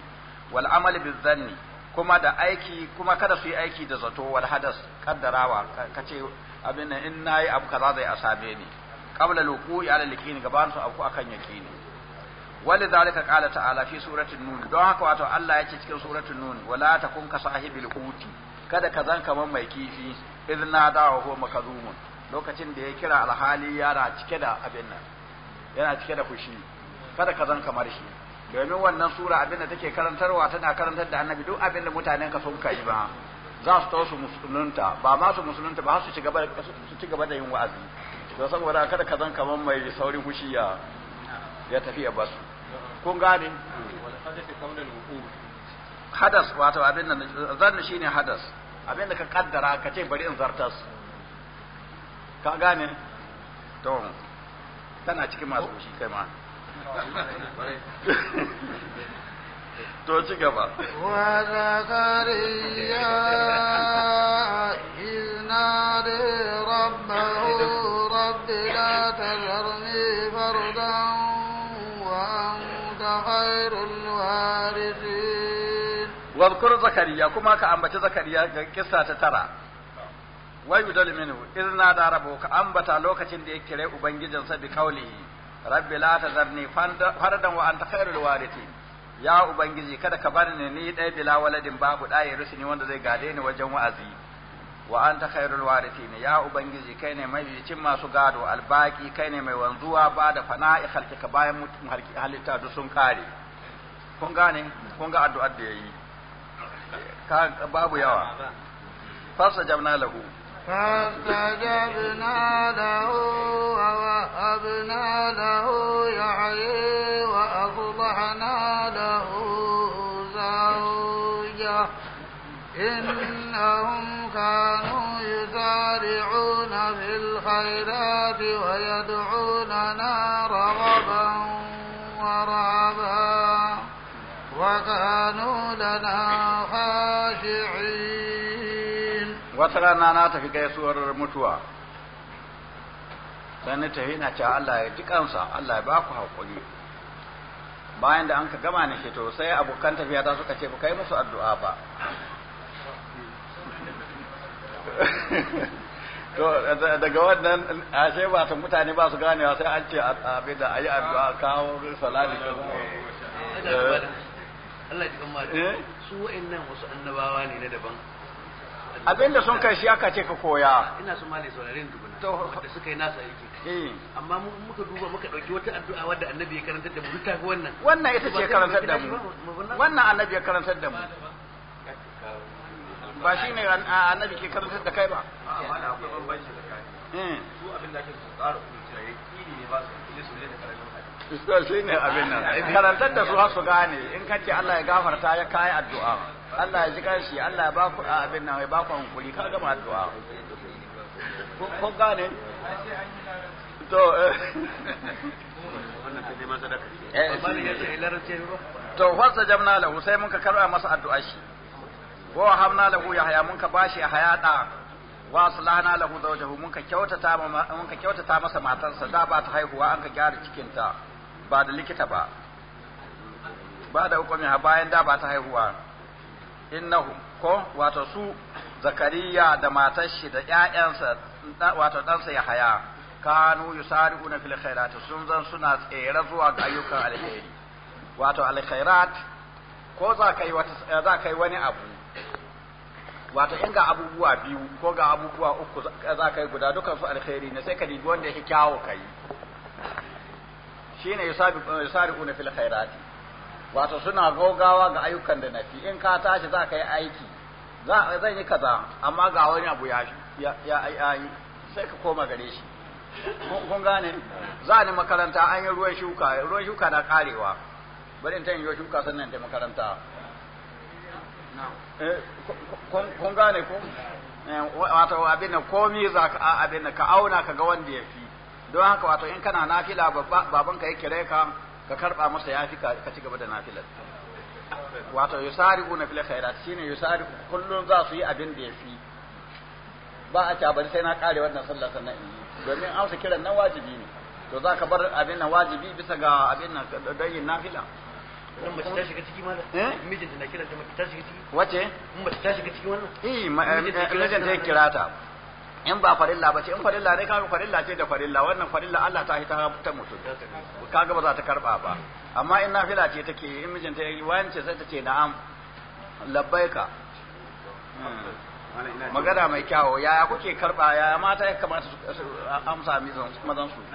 wal amali bizanni kuma da aiki kuma kada su yi aiki da zato wal hadas kaddarawa kace abin nan in nayi abu kaza zai asabe ni qabla luqu'i ala likini gaban su abu akan yakini wali zalika qala ta'ala fi suratul nun don haka wato Allah yake cikin suratul nun wala takun ka sahibil quti kada ka zan kaman mai kifi idna da'a huwa makazumun lokacin da ya kira alhali yana cike da abin nan yana cike da fushi kada ka zan kamar shi domin wannan sura abin da take karantarwa tana karantar da annabi duk abin da mutanen ka sun kai ba za su tawo su musulunta ba ma su musulunta ba su ci gaba da yin wa'azi don saboda kada ka zan kaman mai saurin fushi ya ya tafi ya basu kun gane hadas wato abin da zan shi ne hadas abin da ka kaddara ka ce bari in zartas ka gane to tana cikin masu shi kai ma to ci gaba wa zakariya de rabbahu wadhkur zakariya kuma ka ambaci zakariya ga kissa ta tara wa yudal minhu izna da rabu ka ambata lokacin da ya kire ubangijinsa bi kaulihi rabbi la tazarni fardan wa anta khairul warithin ya ubangiji kada ka bar ni ni dai bila waladin babu da ya ni wanda zai gade ni wajen wa'azi wa anta khairul warithin ya ubangiji kai ne mai bicin masu gado albaki kai ne mai wanzuwa ba da fana'i khalqika bayan halitta duk sun kare kun gane kun ga addu'ar da yayi babu yawa fasa jabna فاستجبنا له ووهبنا له يحيي وأصلحنا له زوجه إنهم كانوا يسارعون في الخيرات ويدعوننا رغبا ورهبا وكانوا لنا wata rana na tafi gaisuwar mutuwa sai na tafi na cewa Allah ya ji kansa Allah ya ba ku haƙuri bayan da an ka gama na to sai abokan tafiya ta suka ce ba kai musu addu'a ba to daga wannan ashe ba su mutane ba su ganewa sai an ce abin da ayi addu'a kawo salati Allah ya ji kan eh. eh? su wa'annan wasu annabawa ne na daban abinda sun kai shi aka ce ka koya ah, ina su malai saurarin dubuna wanda suka yi nasa yake eh. amma muka duba muka dauki wata addu'a wadda annabi ya karantar da mu ta wannan wannan ita ce karantar da mu wannan annabi ya karantar da mu ba shi ne annabi ke karantar da kai ba amma da akwai bambanci da kai hmm. su abin da ake su tsara ce ya kiri ne ba su ne su ne da karantar da shi ne abin nan ah, karantar da su har su gane in kace Allah ya gafarta ya kai addu'a Allah ya ji kanshi Allah ya ba ku abin nan ya ba ku hankuri ka gama addu'a ko gane to eh. Eh, eh, to wasa jamna lahu sai mun ka karba masa addu'a shi wa hamna lahu haya mun ka bashi haya da wa salana lahu zawjahu mun ka kyautata mun ka kyautata masa matarsa da ba ta haihuwa an ka gyara cikin ta ba da likita ba ba da hukumi bayan da ba ta haihuwa innahu ko wato su zakariya da matar shi da ƴaƴansa wato ɗansa ya haya kanu yusari'una fil khairat sun zan suna tsere zuwa ga ayyukan alheri wato alkhairat ko za ka yi wata za ka yi wani abu wato in ga abubuwa biyu ko ga abubuwa uku za ka yi guda dukan su alkhairi ne sai ka dibi wanda yake kyawo kai shine yusari'una fil khairati wato suna gogawa ga ayyukan da nafi in ka tashi za ka yi aiki zan yi kaza amma ga wani abu ya ya yi sai ka koma gare shi kun gane za ni makaranta an yi ruwan shuka ruwan shuka na karewa bari in ta yi shuka sannan ta makaranta eh, kun gane ku eh, wato abin da komi za ka abin da ka auna ka ga wanda ya fi don haka wato in kana nafila babanka ya kire ka ka karba masa ya fi ka ci gaba da nafilar wato yusari'una fil khairat shine yusari kullun za su yi abin da yafi ba a ta bari sai na kare wannan sallah sannan in yi domin amsa kiran nan wajibi ne to za ka bar abin nan wajibi bisa ga abin nan don yin nafila in mace ta shiga ciki malam eh? mijinta na kiran ta mace ta shiga ciki wace in mace ta shiga ciki wannan eh, eh mijinta ya kira eh, ta in ba farilla ba ce in farilla ne kaga farilla ce da farilla wannan farilla Allah ta hita ta mutum kaga ba za ta karba ba amma in nafila ce take in mijinta yayi wance sai ta ce na'am labbaika hmm. magana mai kyawo yaya kuke karba yaya mata ya kamata su amsa mazan su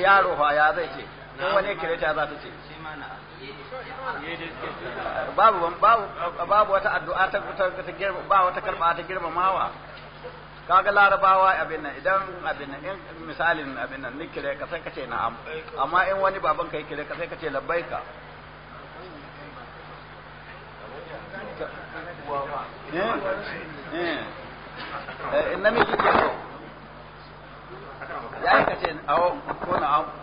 yaro fa ya zai ce ko wani kireta za ta ce babu babu wata addu'a ta ta ba wata karba ta girma mawa kaga larabawa abin nan idan abin nan in misalin abin nan ni kire ka sai ka ce na'am amma in wani baban kai kire ka sai ka ce labbaika eh, eh eh namiji ke so ya ka ce awo ko na'am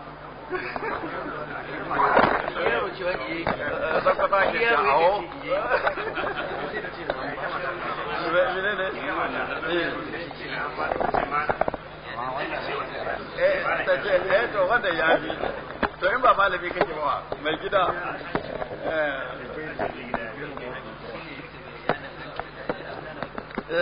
耶鲁球衣，咱国大学好。喂喂喂喂，哎，再见，哎，走吧，等一下，昨天把班里面给你们，没记到，哎。嗯。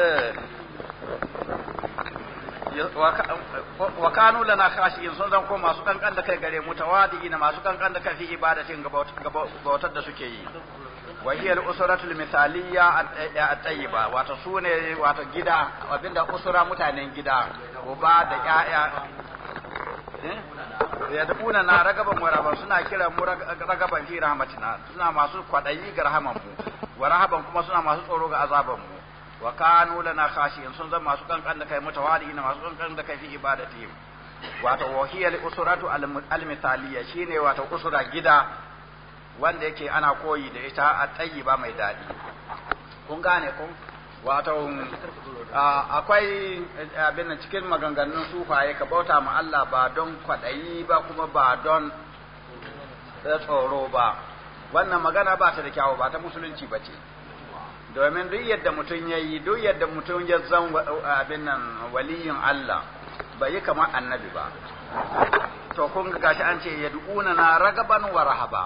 wa kanu lana in sun zan ko masu kankan da kai gare mu tawadi na masu kankan da kai ibadatin ga bautar da suke yi wa hiya al-usratu al-mithaliyya at-tayyiba wato sune wato gida abinda usura mutanen gida uba da yaya eh? ya dubuna na ragaban waraban suna kira mu ragaban fi rahmatina suna masu kwadayi ga rahaman mu wa rahaban kuma suna masu tsoro ga azaban mu wa kanu lana khashiyin sun zama masu kankan da kai mutawali ina masu kankan da kai fi ibadati wato wahiya li usratu al mithaliya shine wato usura gida wanda yake ana koyi da ita a tayyiba mai dadi kun gane kun wato akwai eh, abin cikin maganganun sufaye ka bauta ma Allah ba don kwadayi ba kuma ba don tsoro ba wannan magana ba ta da kyawu ba ta musulunci ba ce domin duk yadda mutum ya yi duk yadda mutum ya zan abin nan waliyin Allah bai yi kamar annabi ba to kun ga kashi an ce yad'una na ragaban wa rahaba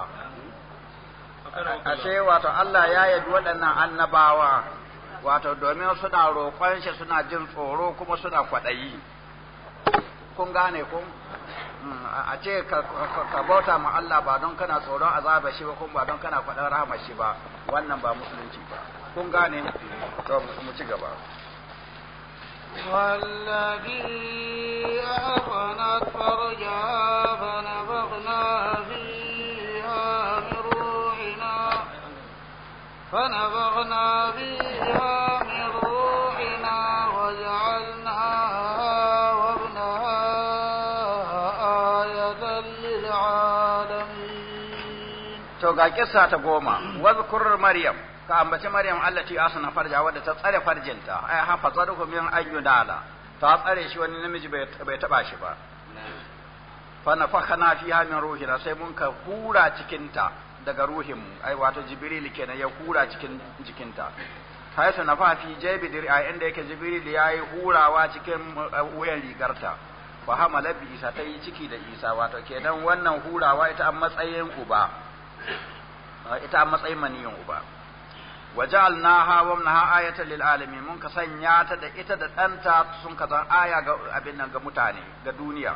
ce wato Allah ya yadu waɗannan annabawa wato domin suna roƙon shi suna jin tsoro kuma suna kwaɗayi kun gane kun hmm, a ce ka bauta ma Allah ba don kana tsoron azaba shi ba kuma ba don kana kwaɗan rahama shi ba wannan ba musulunci ba kun gane to mu ci gaba والذي أحصنت فرجها فنبغنا فيها من روحنا فنبغنا فيها من روحنا وجعلناها وابنها آية للعالمين. توقع قصة تقوم واذكر مريم ka ambaci maryam allati asna farja wadda ta tsare farjinta ay ha tsaruhu min ayyudala ta tsare shi wani namiji bai taba shi ba fa nafakhana fiha min la sai mun ka hura cikinta daga ruhin mu. ai wato jibril kenan ya hura cikin jikinta haisu nafa fi jaybi a inda yake jibril yayi hurawa cikin uh, wuyan rigarta fa hamala bi isa ta yi ciki da isa wato kenan wannan hurawa ita a matsayin uba ita a matsayin maniyin uba waja'alnaha wa minha ayatan lil alamin mun ka sanya ta da ita da ɗanta sun ka zan aya ga abin nan ga mutane ga duniya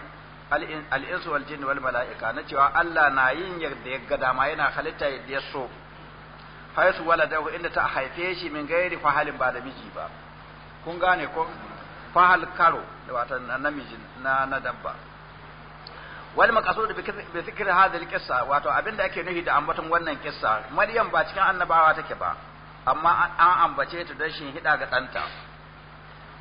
al insu wal jinni wal mala'ika na cewa Allah na yin yadda ya ga dama yana halitta yadda ya so haisu waladahu inda ta haife shi min gairi fahalin ba da miji ba kun gane ko fahal karo da wata namiji na na dabba wal maqasud bi zikri hadhihi al qissa wato abinda ake nufi da ambaton wannan kissa maryam ba cikin annabawa take ba amma an ambace ta don shin hida ga ɗanta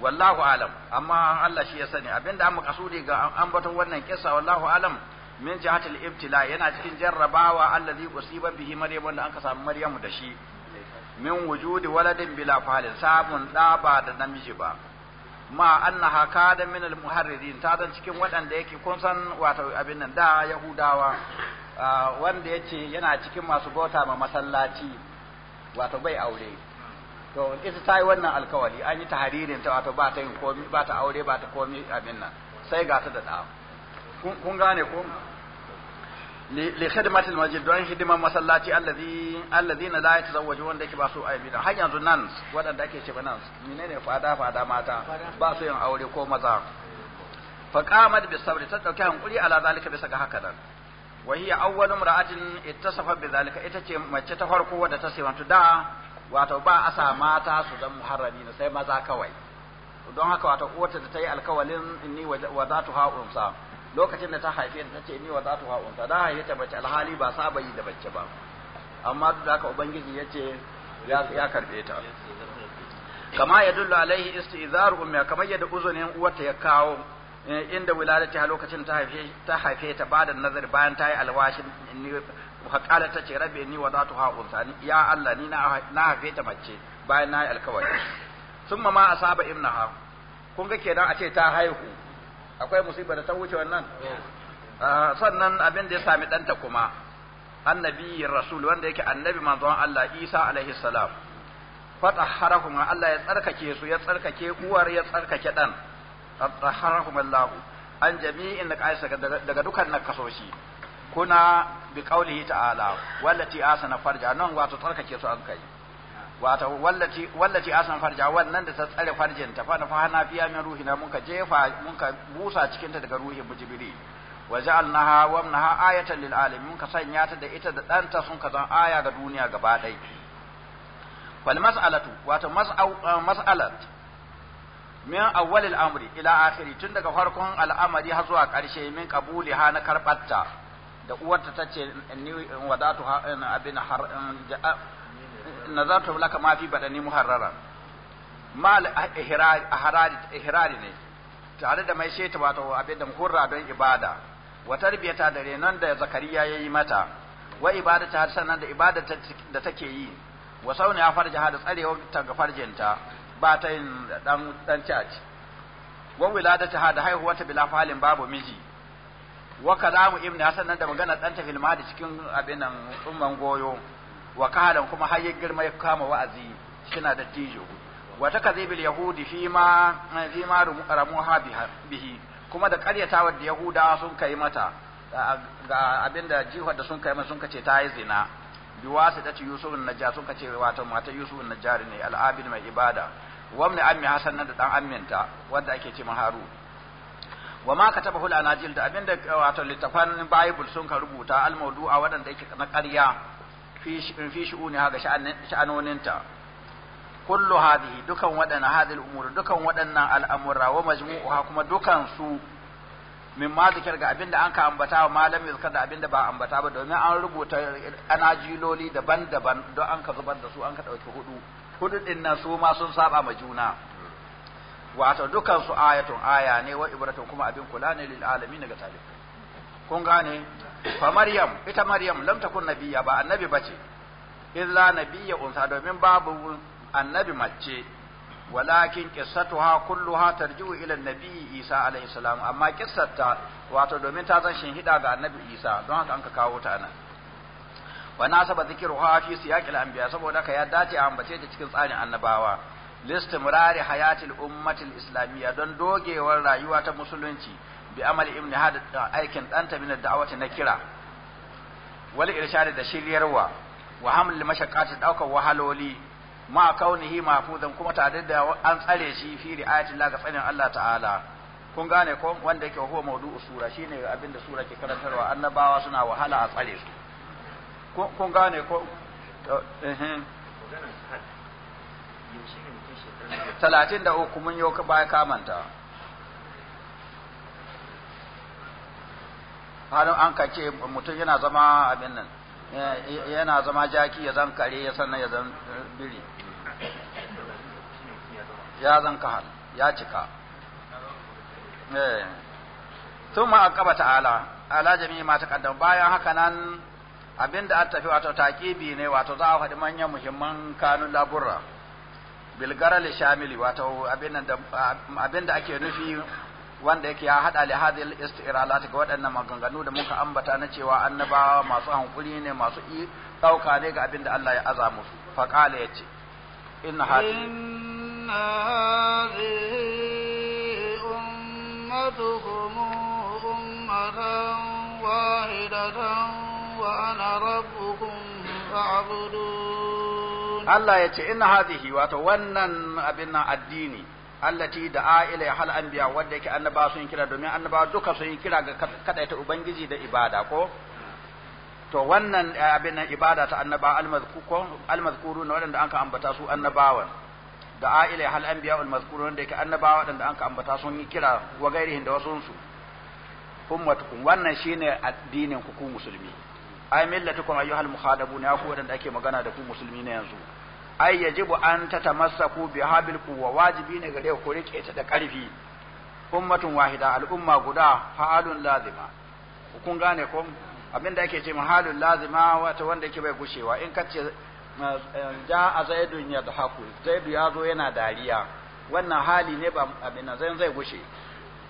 wallahu alam amma Allah shi ya sani abinda an makasudi ga ambaton wannan kisa wallahu alam min jihatil ibtila yana cikin jarrabawa allazi usiba bihi maryam wanda an ka samu maryamu da shi min wujudi waladin bila falin samun da ba da namiji ba ma annaha kada min al muharridin ta dan cikin waɗanda yake kun san wato abin nan da yahudawa ah, wanda yace yana cikin masu bauta ma masallaci wato bai aure to ita ta yi wannan alkawari an yi tahririn ta wato ba ta yin komi ba ta aure ba ta komi abin nan sai ga ta da da kun gane ko li khidmatil masjid don hidiman masallaci allazi allazina la yatazawwaju wanda yake ba su aibi da har yanzu nan wadanda ake ce nan menene fada fada mata ba su yin aure ko maza fa qamat bi sabri ta dauki hankuri ala zalika bisa ga haka nan wa hiya awwalu imra'atin ittasafa bi zalika ita ce mace ta farko wanda ta sifantu da wato ba a sa mata su zan muharrami na sai maza kawai don haka wato uwarta da ta yi alkawalin inni wa zatu ha unsa lokacin da ta haife ta ce inni wa zatu ha unsa da haife ta bace alhali ba saba yi da bace ba amma duk da haka ubangiji yace ya karbe ta kama yadullu alaihi istizaru umma kamar yadda uzunin uwarta ya kawo Eh, inda wulalati a lokacin ta haife ta haife ta bada nazar bayan ta yi alwashi haƙala ta ce rabe ni wa zatu ha'unsa ya Allah ni na haife ta mace bayan na yi alkawari sun ma asaba ibnaha kun ga kenan a ce ta haihu akwai musibar da ta wuce wannan eh. ah, sannan abin da ya sami danta kuma annabi rasul wanda yake annabi manzon Allah Isa alaihi salam fatahharahum Allah ya tsarkake su ya tsarkake uwar ya tsarkake dan taharakum Allah an jami'in naqais daga nakasoshi kuna bi ta'ala wallati asana farja nan wato tsarkake su an kai wato wallati wallati asana farja wannan da ta tsare farjin ta fa fahana fiya min mun ka jefa mun ka busa cikin ta daga ruhin bujibiri wa ja'alnaha wa amnaha ayatan lil alamin ka sanya ta da ita da danta sun ka zan aya ga duniya gaba ɗaya wal mas'alatu wato min awwalil amri ila akhiri tun daga farkon al'amari har zuwa karshe min qabuli ha na karbatta da uwarta tace ni wadatu abin har nazartu laka ma fi badani muharrara mal ihrari ihrari ne tare da mai sheta wato abin da muhurra don ibada wa tarbiyata da renan da zakariya yayi mata wa ibadata har sanan da ibadata da take yi wa sauna ya farja da tsarewa ta ga farjinta ba ta yin dan dan caci wa wiladata hada ta bila falin babu miji wa kalamu ibnu hasan nan da magana dan ta filma da cikin abin nan umman goyo wa kahalan kuma har ya girma ya kama wa'azi kina da tijo wa takadhibil yahudi fi ma fi ma ramuha bihi kuma da karyatawa wadda yahudawa sun kai mata ga abinda jihar da sun kai mata sun kace ta yi zina biwasa da yusuf an najjar sun kace wato mata yusuf an najjar ne al'abid mai ibada wamni ammi hasan nan da dan amminta wanda ake ce maharu. wa ma katabahu al-anajil da abinda wato littafan bible sun ka rubuta al-mawdu'a wadanda yake na ƙarya fi fi shu'uni haga sha'anoninta kullu hadhihi dukan wadannan hadhihi al-umur dukan wadannan al wa majmu'uha kuma dukan su min ma zikir ga abinda an ka ambata wa malam yuzkar da abinda ba ambata ba domin an rubuta anajiloli daban-daban don an ka zubar da su an ka dauki hudu hudu din nan su ma sun saba ma juna wato dukan su ayatun aya ne wa ibratun kuma abin kula ne lil alamin ga talib kun gane fa maryam ita maryam lam takun nabiyya ba annabi bace illa nabiyya unsa domin babu annabi mace walakin qissatuha kulluha tarji'u ila nabi isa alayhi salam amma qissarta wato domin ta zan shin hida ga annabi isa don haka an ka kawo ta nan wa nasaba hafi fi siyaqil anbiya saboda ka ya dace a ambace ta cikin tsarin annabawa listimrari hayatil ummatil islamiyya don dogewar rayuwa ta musulunci bi amali ibn hada aikin danta min da'awati na kira wal irshad da shiryarwa wa haml mashaqqati daukar wahaloli ma kaunihi mafuzan kuma tare da an tsare shi fi ri'ayatin ga tsanin Allah ta'ala kun gane ko wanda yake huwa maudu'u sura shine abinda sura ke karantarwa annabawa suna wahala a tsare su kun gane ko eh, eh. talatin da uku mun yau baya kamanta har an kace mutum yana zama abin nan eh, yana zama jaki ya zan kare ya sannan ya zan biri ya zan kahal ya cika sun ma akaba ta'ala ala jami'i ma ta kaddam bayan haka nan abinda an tafi wato taqibi ne wato za a faɗi manyan muhimman kanun labura bilgaral shamili wato abinda ake nufi wanda yake ya hada li hadhil istiralat ga waɗannan maganganu da muka ambata na cewa annabawa masu hankuri ne masu ɗauka ne ga abinda Allah ya aza musu fa qala yace inna hadhi ummatukum ummatan wahidatan وأنا ربكم فاعبدون الله يتي إن هذه وتونن أبنا الديني allati da'a ila hal anbiya wanda yake annaba sun kira domin annaba duka sun kira ga kadaita ubangiji da ibada ko to wannan abin ibada ta annaba almazkuru na waɗanda an ka ambata su annabawan da aile hal anbiya wal mazkuru wanda yake annabawa waɗanda an ka ambata sun yi kira wa gairihin da wasu su ummatukum wannan shine addinin ku ku musulmi ai millatukum ayyuhal mukhadabun ya ku wadanda ake magana da ku musulmi na yanzu ai yajibu an tatamassaku bi habil quwwa wajibi ne gare ku rike ta da karfi ummatun wahida al'umma guda halun lazima kun gane ko abinda ake ce halun lazima wata wanda yake bai gushewa in kace eh, ja'a zaidun haku. zaidu yazo yana dariya wannan hali ne ba abin nan zai zai gushe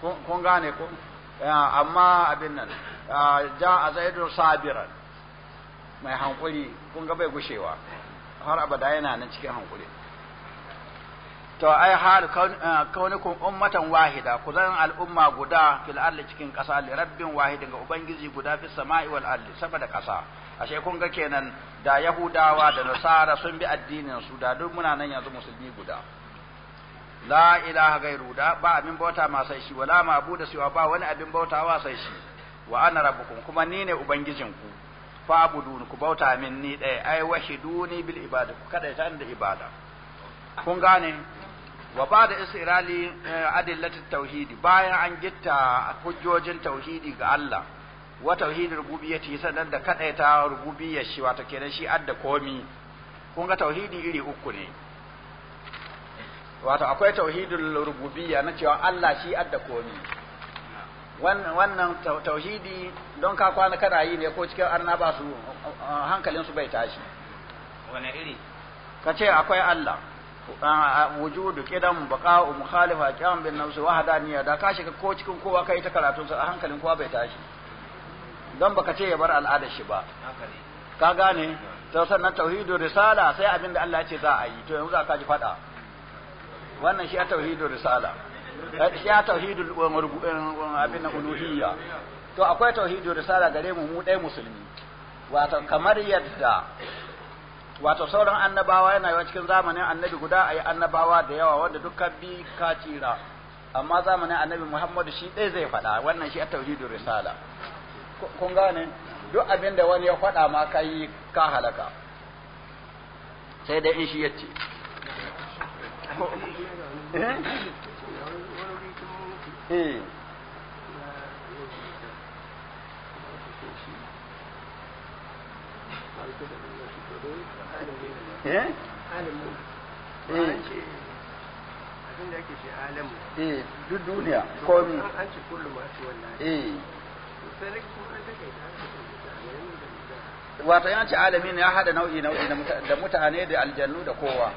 kun gane ko eh, amma abin nan eh, ja zaidun sabiran mai hankuri kun ga bai gushewa har abada yana nan cikin hankuri to ai har eh, ummatan wahida ku zan al'umma guda fil ardi cikin ƙasa li rabbin wahidin ga ubangiji guda fi sama'i wal ardi saboda ƙasa ashe kun ga kenan da yahudawa da nasara sun bi addinin su da duk muna nan yanzu musulmi guda la ilaha gairu da ba abin bauta ma sai shi wala ma'budu siwa ba wani abin bautawa sai shi wa ana rabbukum kuma ni ne ubangijinku fabudun ku bauta min ni ɗaya ai wahiduni bil ibada ku kada ta da ibada kun gane wa ba da isra'ili eh, adillatu tauhidi bayan an gitta hujjojin tauhidi ga Allah wa tauhidin rububiyyati sannan da kadaita rububiyyar shi wato kenan shi adda komi kun ga tauhidi iri uku ne wato akwai tauhidul rububiyya na cewa Allah shi adda komi wannan tauhidi don ka kwana kana yi ne ko cikin arna ba su uh, hankalin su bai tashi wani iri ka ce akwai Allah uh, uh, wujudu kidan baqa'u mukhalifa qiyam bin nafsi wahdaniyya da ka shiga ko cikin kowa kai ta karatu sa hankalin kowa bai tashi don baka ce ya bar al'adar shi ba ka gane to sannan tauhidu risala sai abin da Allah ya ce za a yi to yanzu za ka ji fada wannan shi a tauhidu risala ya tauhidu eh, abin na uluhiyya to akwai tauhidu risala gare mu mu dai musulmi wato kamar yadda wato sauran annabawa yana yawa cikin zamanin annabi guda a yi annabawa da yawa wanda dukkan bi ka tsira amma zamanin annabi Muhammadu shi dai zai faɗa wannan shi tauhidu risala kun gane duk abin da wani ya faɗa ma kai ka halaka sai dai in shi yace eh? Eh. Eh? Eh. duk duniya komi an ce kullum a alamin ya hada nau'i nau'i da mutane da aljannu da kowa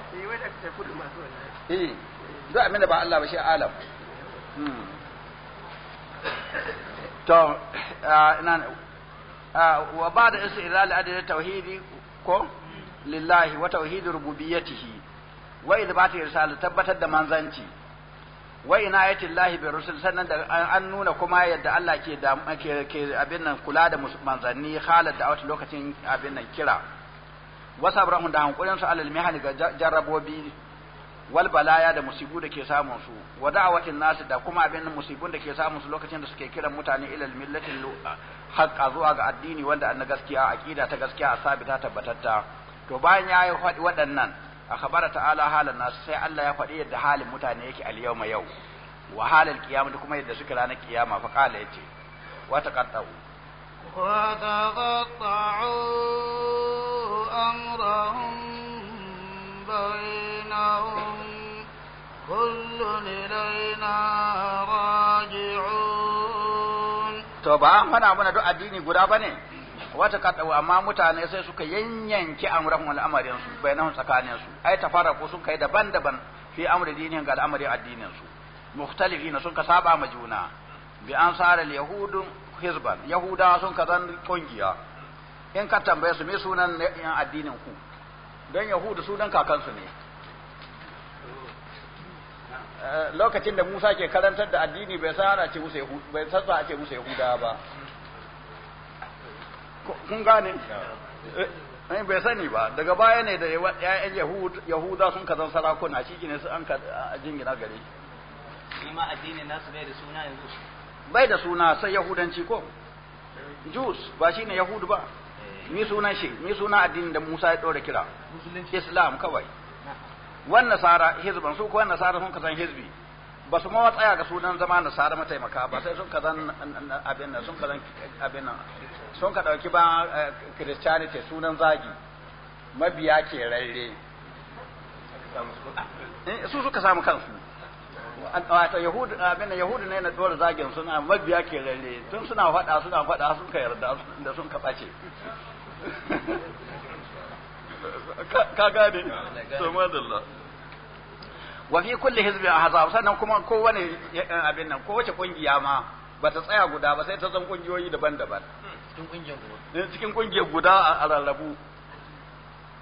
eh duk abin da ba Allah ba shi alam hmm. to nan wa ba da isa ilal adadin tauhidi ko lillahi wa tauhidi rububiyyatihi wa idbati risala tabbatar da manzanci wa inayati llahi bi rusul sannan da an nuna kuma yadda Allah ke da ke abin nan kula da manzanni halar da wata lokacin abin nan kira wasabrahum da hankulinsu su alal mihal ga jarrabobi wal balaya da musibu da ke samun su wa da'awatin nasu da kuma abin musibun da ke samun su lokacin da suke kiran mutane ilal millatin haqqa zuwa ga addini wanda an gaskiya aqida ta gaskiya sabita tabbatatta to bayan ya yi waɗannan a khabara ta'ala halan nasu sai Allah ya faɗi yadda halin mutane yake al yawma yau wa halal qiyamah kuma yadda suka ranar kiyama fa qala yace wa taqatta'u wa amrahum بينهم كل إلينا راجعون mana duk addini guda ba ne wata kaɗau amma mutane sai suka yanyanke amurahun bai bainahun tsakaninsu ai tafarraku sun kai daban-daban fi amri dinin ga al'amarin addininsu mukhtalifina sun ka saba ma juna bi an sara yahudun hisban yahudawa sun ka zan kungiya in ka tambaye su me sunan addinin ku don yahudu su dan kakansu ne eh, lokacin da musa ke karantar da addini bai san ce musu yahudu bai sassa ake musa yahuda ba kun gane ne eh, eh, bai sani ba daga baya ne da ƴaƴan yahud yahuda sun kazan sarakuna shi ne su an ka jingina gare shi ma addinin nasu bai da suna yanzu bai da suna sai yahudanci ko jus ba shine yahudu ba mi sunan shi mi sunan addinin da Musa ya dora kira Islam kawai wannan nasara hizban su kuwa nasara sun kasan hizbi ba su mawa tsaya ga sunan zama nasara mataimaka ba sai sun kazan abin nan sun kazan abin nan sun ka dauki ba eh, christianity sunan zagi mabiya ke rarre eh, su suka samu kansu wato yahudu abin yahudu ne na dora zagin suna mabiya ke rarre tun suna faɗa suna faɗa sun ka yarda da sun ka ɓace ka gane to madalla wa fi kulli hizbi ahzab sannan kuma kowane eh, abin nan kowace kungiya ma ba ta tsaya guda ba sai ta zan kungiyoyi daban-daban cikin kungiyar eh, guda cikin guda a rarrabu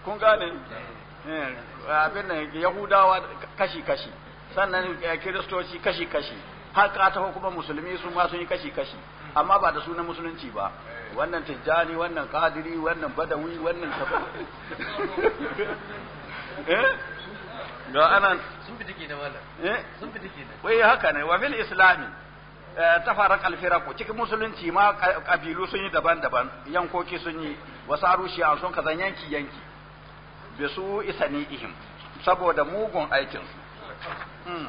kun gane eh. abin nan yahudawa kashi-kashi sannan kiristoci kashi-kashi har ka ta kuma musulmi su ma sun yi kashi-kashi hmm. amma ba da sunan musulunci ba wannan tijjani wannan kadiri wannan badawi wannan kafa eh ga anan sun fi ke da malam eh sun fi ke da wai haka ne wa fil islami eh, al alfiraku cikin musulunci ma kabilu sun yi daban-daban yankoki sun yi wasaru shi an sun kazan yanki yanki bi su isani ihim saboda mugun aikin su hmm.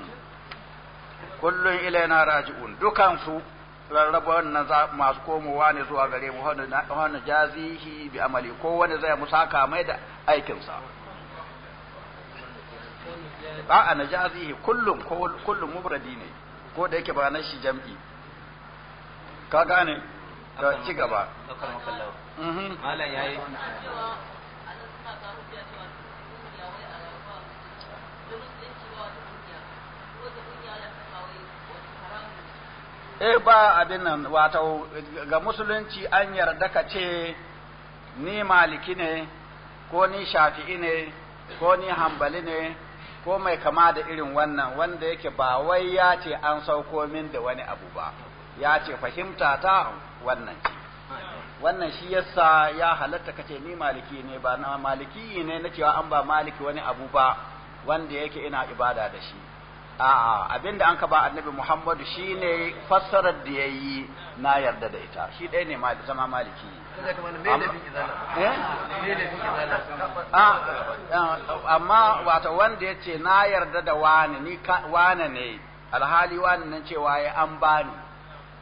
kullun ilaina raji'un dukan su rarraba wannan masu komowa ne zuwa gare mu wani jazihi bi amali ko wani zai musaka mai da aikinsa ba a na jazihi kullum kullum mubradi ne ko da yake ba na shi jam'i ka gane ka ci gaba mhm. malam yi. eh ba abin nan wato ga musulunci an yarda ka ce ni maliki ne ko ni shafi'i ne ko ni hambali ne ko mai kama da irin wannan wanda yake ba wai ya ce an sauko min da wani abu ba ya ce fahimta ta wannan ce wannan shi yasa ya halatta kace ni maliki ne ba na maliki ne na cewa an ba maliki wani abu ba wanda yake ina ibada da shi a'a abinda an ka ba annabi Muhammadu shine fassarar da ya yi na yarda da ita shi ɗaya ne zama maliki eh? amma wata wanda ya ce na yarda da wani ni wane ne alhali wani nan cewa ya an bani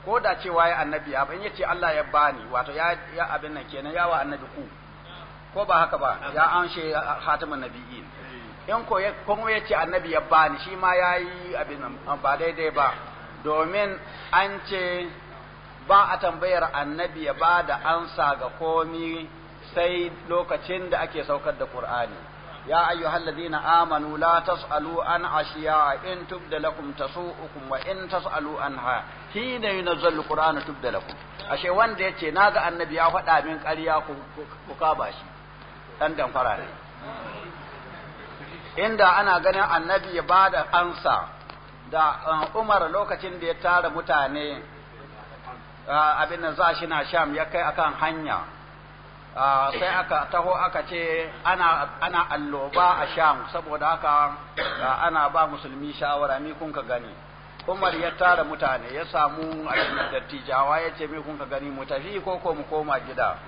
ko da cewa ya annabi ya ban yace Allah ya bani wato ya abin nan kenan yawa annabi ku ko ba haka ba ya an she hatimin nabiyyin in ko ya kuma ya ce annabi ya bani shi ma ya yi abin ah, ba daidai ba domin an ce ba a tambayar annabi ya ba da ansa ga komi sai lokacin da ake saukar da qur'ani ya ayu halladina amanu la tasalu an ashiya in tubda lakum tasu'ukum wa in tasalu anha hina yunzalu qur'anu tubda lakum ashe wanda yace naga annabi ya faɗa min karya ku ku ka bashi dan dan fara ne inda ana ganin annabi ya ba da ansa da uh, umar lokacin da ya tara mutane uh, abin da za shi na sham ya kai akan hanya uh, sai aka taho aka ce ana alloba a sham saboda haka ana ba musulmi shawara mi kun ka gani umar ya tara mutane ya samu dattijawa ya ce mi kun ka gani mu tafi ko ko mu koma gida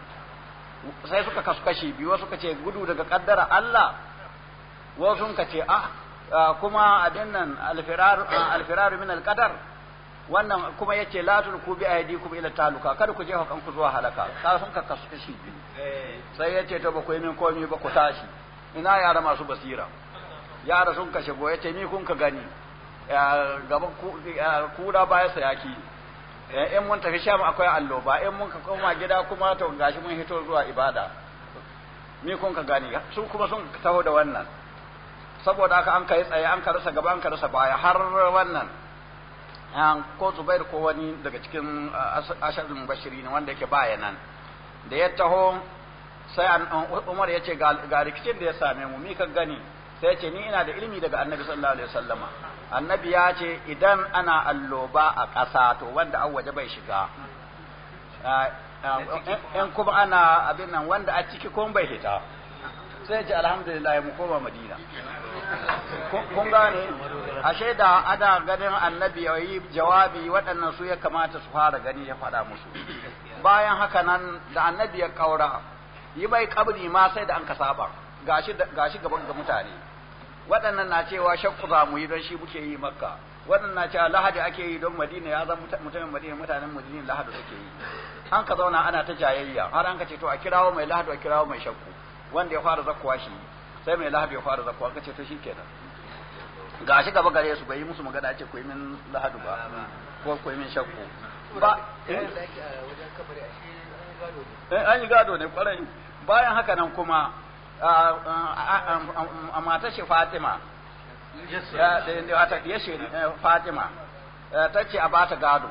sai suka kashi biyu suka ce gudu daga kaddara Allah wasu ka ce ah, ah kuma abin nan ah, alfirar min alqadar wannan kuma yace la ku bi aydikum ila taluka kada ku je kanku zuwa halaka ka sun ka kasu kashi sai yace to ba ku yi min komai ba ku tashi ina yara masu basira yara sun kashe goye yace ni kun ka gani gaba kura baya sayaki in mun tafi sham akwai alloba in mun ka koma gida kuma to gashi mun hito zuwa ibada ni kun ka gani su kuma sun taho da wannan saboda haka an kai tsaye an karasa gaba an karasa baya har wannan ko zubair ko wani daga cikin uh, asharin bashiri ne wanda yake baya nan da ya taho sai um, umar ya ce ga rikicin da ya same mu mi ka gani sai yace ni ina da ilimi daga annabi sallallahu alaihi wasallama annabi ya ce idan ana alloba a ƙasa to wanda an waje bai shiga uh, uh, in kuma ana abin nan wanda a ciki kuma bai hita sai ce alhamdulillah mu koma madina kun gane ashe da ada ganin annabi yayi jawabi waɗannan su ya kamata su fara gani ya faɗa musu bayan haka nan da annabi ya kaura yi bai kabri ma sai da an ka saba gashi gashi gaban ga mutane waɗannan na cewa shakku za mu yi don shi muke yi makka waɗannan na cewa lahadi ake yi don madina ya zama mutumin madina mutanen madina lahadi suke yi an ka zauna ana ta jayayya har an ka ce to a kirawo mai lahadi a kirawo mai shakku wanda ya fara zakkuwa shi sai mai lahabi ya fara zakkuwa kace to shikenan ga shi gaba gare su bai yi musu magana ce koyi min lahadu ba ko koyi min shakku ba eh. eh, an yi gado ne kwarai bayan haka nan kuma a matar shi fatima ya ce eh, fatima ta ce a bata gado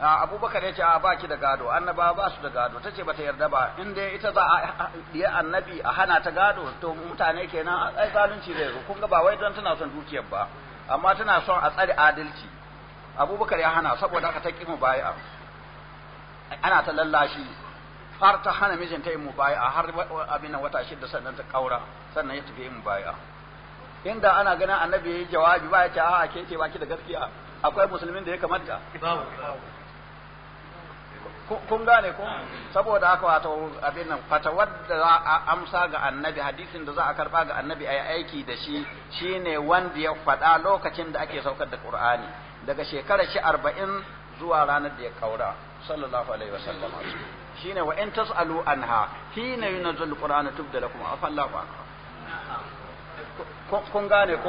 abubakar ya ce a ki da gado annaba ba su da gado ta ce ba ta yarda ba in dai ita za a diya annabi a hana ta gado to mutane kenan tsaye zalunci zai zo kun ga ba wai don tana son dukiyar ba amma tana son a tsare adalci abubakar ya hana saboda haka ta ki mubaya ana ta lallashi har ta hana mijinta yin a har abin wata shida sannan ta kaura sannan ya tafi mu mubaya inda ana ganin annabi ya yi jawabi ba ya ce a ke ce baki da gaskiya akwai musulmin da ya kamata babu kun gane ko saboda haka wato abin nan fatawar da za a amsa ga annabi hadisin da za a karba ga annabi ayi aiki da shi shine wanda ya faɗa lokacin da ake saukar da qur'ani daga shekarar shi arba'in zuwa ranar da ya kaura sallallahu alaihi wa sallama shine wa in tasalu anha hina yunzal qur'anu tubda lakum afallahu kun gane ku?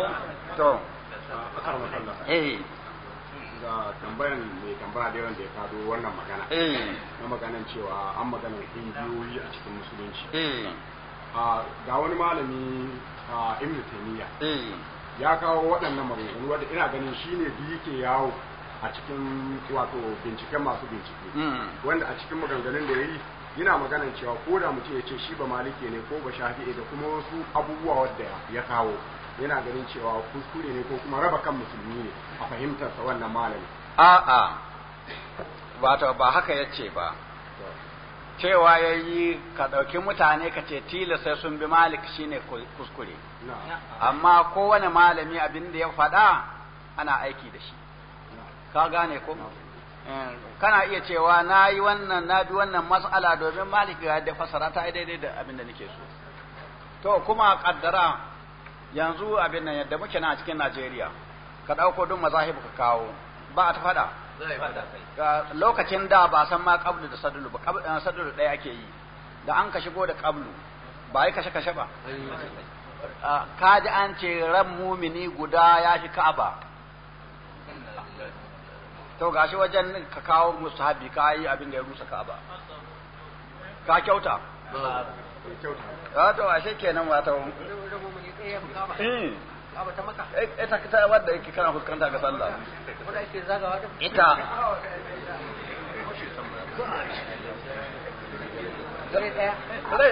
to eh tambayan mai tambaya da yawan da ya kado wannan magana eh. na maganan cewa an maganar ƙungiyoyi a cikin musulunci eh. ga wani malami ibn taymiya eh. ya kawo waɗannan maganganu wanda ina ganin shine da yake yawo a cikin wato binciken masu bincike hmm. wanda a cikin maganganun da ya yi yana maganan cewa ko da mutum ya ce shi ba malike ne ko ba shafi'i da kuma wasu abubuwa wadda ya kawo yana ganin cewa kuskure ne ko kuma raba kan musulmi ne a fahimtarsa wannan malami a'a wato ba haka yace ba cewa ya yi ka ɗauki mutane ka ce tila sai sun bi malik shine kuskure amma kowane malami abin da ya faɗa ana aiki da shi ka gane ko eh, kana iya cewa na yi wannan na bi wannan mas'ala domin malik ya da fasara ta daidai da abin da nake so to kuma kaddara yanzu abin nan yadda muke na a cikin Najeriya ka ɗauko duk mazahib ka kawo ba a ta faɗa lokacin da ba san ma qablu da sadulu ba eh, sadulu ɗaya ake yi da an ka shigo da qablu ba yi kashe kashe ba ka ji an ce ran mumini guda ya shi ka'aba to gashi wajen ka kawo musahabi ka yi abin da ya rusa ka'aba ka kyauta ah, to ashe kenan wato Eh, ita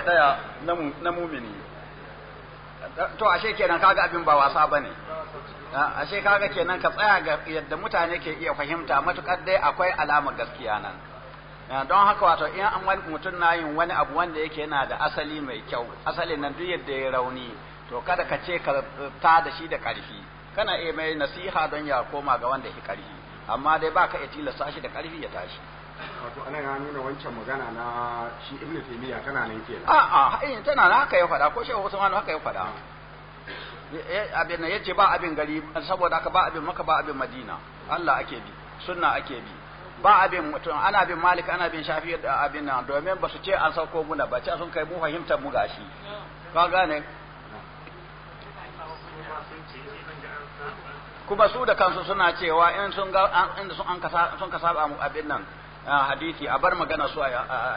ta ga na mumini to ashe kenan kaga abin ba wasa bane ashe kaga kenan ka tsaya ga yadda mutane ke iya fahimta matukar dai akwai alama gaskiya nan don haka wato in an wani mutum na yin wani abu wanda yake yana da asali mai kyau asalin nan duk yadda ya rauni to kada ka ce ka ta da shi da ƙarfi kana iya mai nasiha don ya koma ga wanda ya ƙarfi amma dai ba ka iya tilasta shi da ƙarfi ya tashi wato ana ya nuna wancan magana na shi ibnu taymiya tana nan kenan a a in tana nan haka ya faɗa ko shehu usman haka ya faɗa hmm. abin nan yace ba abin gari saboda ka ba abin maka ba abin madina Allah ake bi sunna ake bi ba abin mutum ana bin malik ana bin shafi abin nan domin ba su ce an sauko muna ba ce sun kai mu fahimtar mu gashi hmm. ka gane kuma su da kansu suna cewa in sun ga in sun an kasa sun kasa ba mu abin nan hadisi a bar magana su a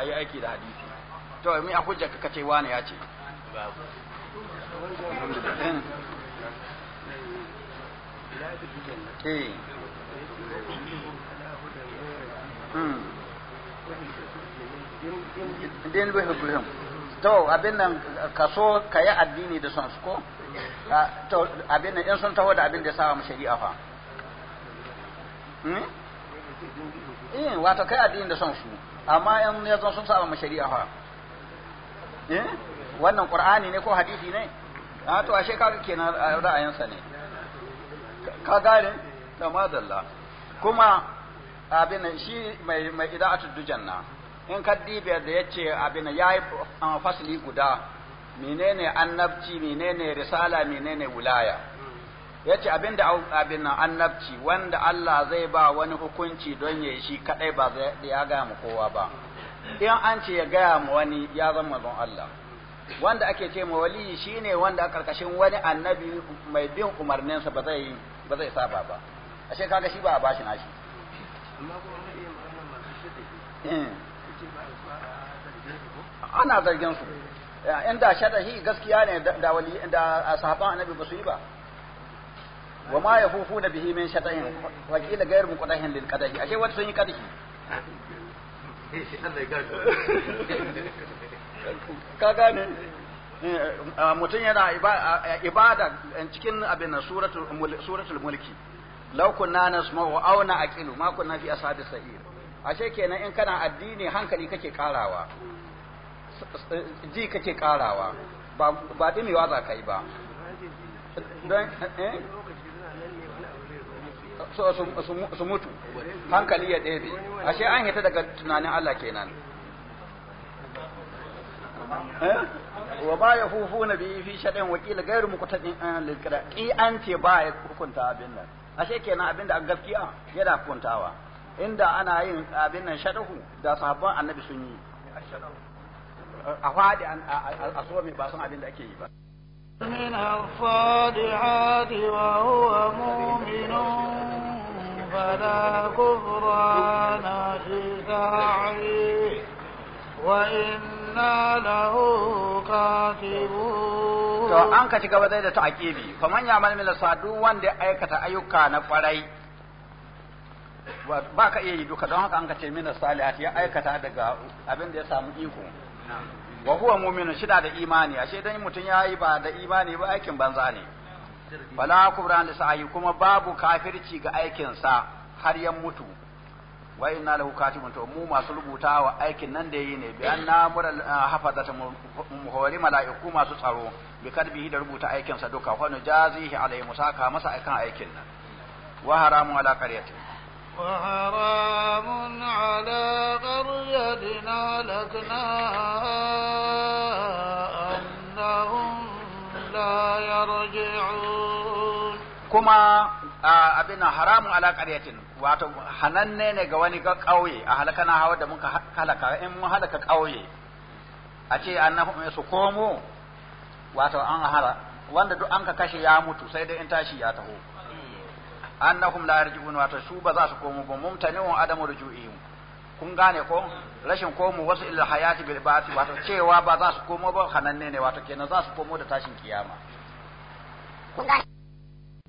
yi aiki da hadisi to mi a hujja ka ce wani ya ce din eh. hmm. hmm. bai hukuhum to abin nan kaso kayi addini da sansu ko Ah, to abin nan in sun taho da abin da ya saba mu shari'a fa hmm? eh wato kai addinin da son su amma in ya zo sun saba mu shari'a fa eh wannan qur'ani ne ko hadisi ne a ah, to ashe kaga kenan ah, sa ne ka gane da madalla kuma abin shi mai mai ida'atul dujanna in kaddibe da yace abin yayi fasli guda menene annabci menene risala menene wilaya yace abinda abin nan annabci wanda Allah zai ba wani hukunci don yayi shi kadai ba zai ya ga mu kowa ba in an ce ya gaya mu wani ya zama don Allah wanda ake ce ma wali shine wanda a karkashin wani annabi mai bin umarninsa ba zai ba zai saba ba ashe kaga shi ba a bashi nashi amma eh. ko ana zargin su inda sharahi gaskiya ne da wali da sahaban annabi ba su yi ba wa ma yafufuna bihi min shatayin wa qila ghayr muqadahin lil qadahi ashe wata sun yi qadahi ka gane eh, mutum yana ibada cikin abin suratul mulki law kunna nasma'u aw na'qilu ma kunna fi ashabi sa'ir ashe kenan in kana addini hankali kake karawa ji kake karawa ba wa za ka yi ba eh, su mutu hankali ya ɗebe ashe an hita daga tunanin Allah kenan eh, wa ba ya hufu na biyu fi shaɗin wakila gairu muku ta lilkira ƙi an ce ba ya hukunta abin nan ashe kenan abin da an gaskiya yana hukuntawa inda ana yin abin nan shaɗahu da sabon annabi sun yi a faɗi a so mai ba san abin da ake yi ba من الصالحات وهو مؤمن فلا كفران لسعيه وإنا له كاتبون to an ka ci gaba da ta aƙibi fa man yamal min sadu wanda aikata ayyuka na kwarai ba ka iya yi duka don haka an ka ce min salihati ya aikata daga abin da ya samu iko wa huwa mu'minu shi da imani ashe mutum ya yi ba da imani ba aikin banza ne wala kubran da sa'ayi kuma babu kafirci ga aikin sa har ya mutu wa inna lahu katibun to mu masu rubutawa aikin nan da yi ne bi anna mura ah, hafazata muhawari mala'iku masu tsaro bi kalbihi da rubuta aikin sa duka kwano jazihi alaihi musaka masa aikin aikin nan wa haramun ala qaryatihi وحرام على قريتنا لكناها أنهم لا يرجعون كما abin haramun ala ƙaryatin wato hananne ne ga wani ƙauye a halaka na hawa da muka halaka in mun halaka ƙauye a ce annahum su komo wato an hara wanda duk an ka kashe ya mutu sai dai in tashi ya taho annahum la yarji'un wato su ba za su komo ba mumtani'un adamu ruju'ihim kun gane ko rashin komo wasu illa hayati bil ba'thi wato cewa ba za su komo ba hananne ne wato kenan za su komo da tashin kiyama kun gane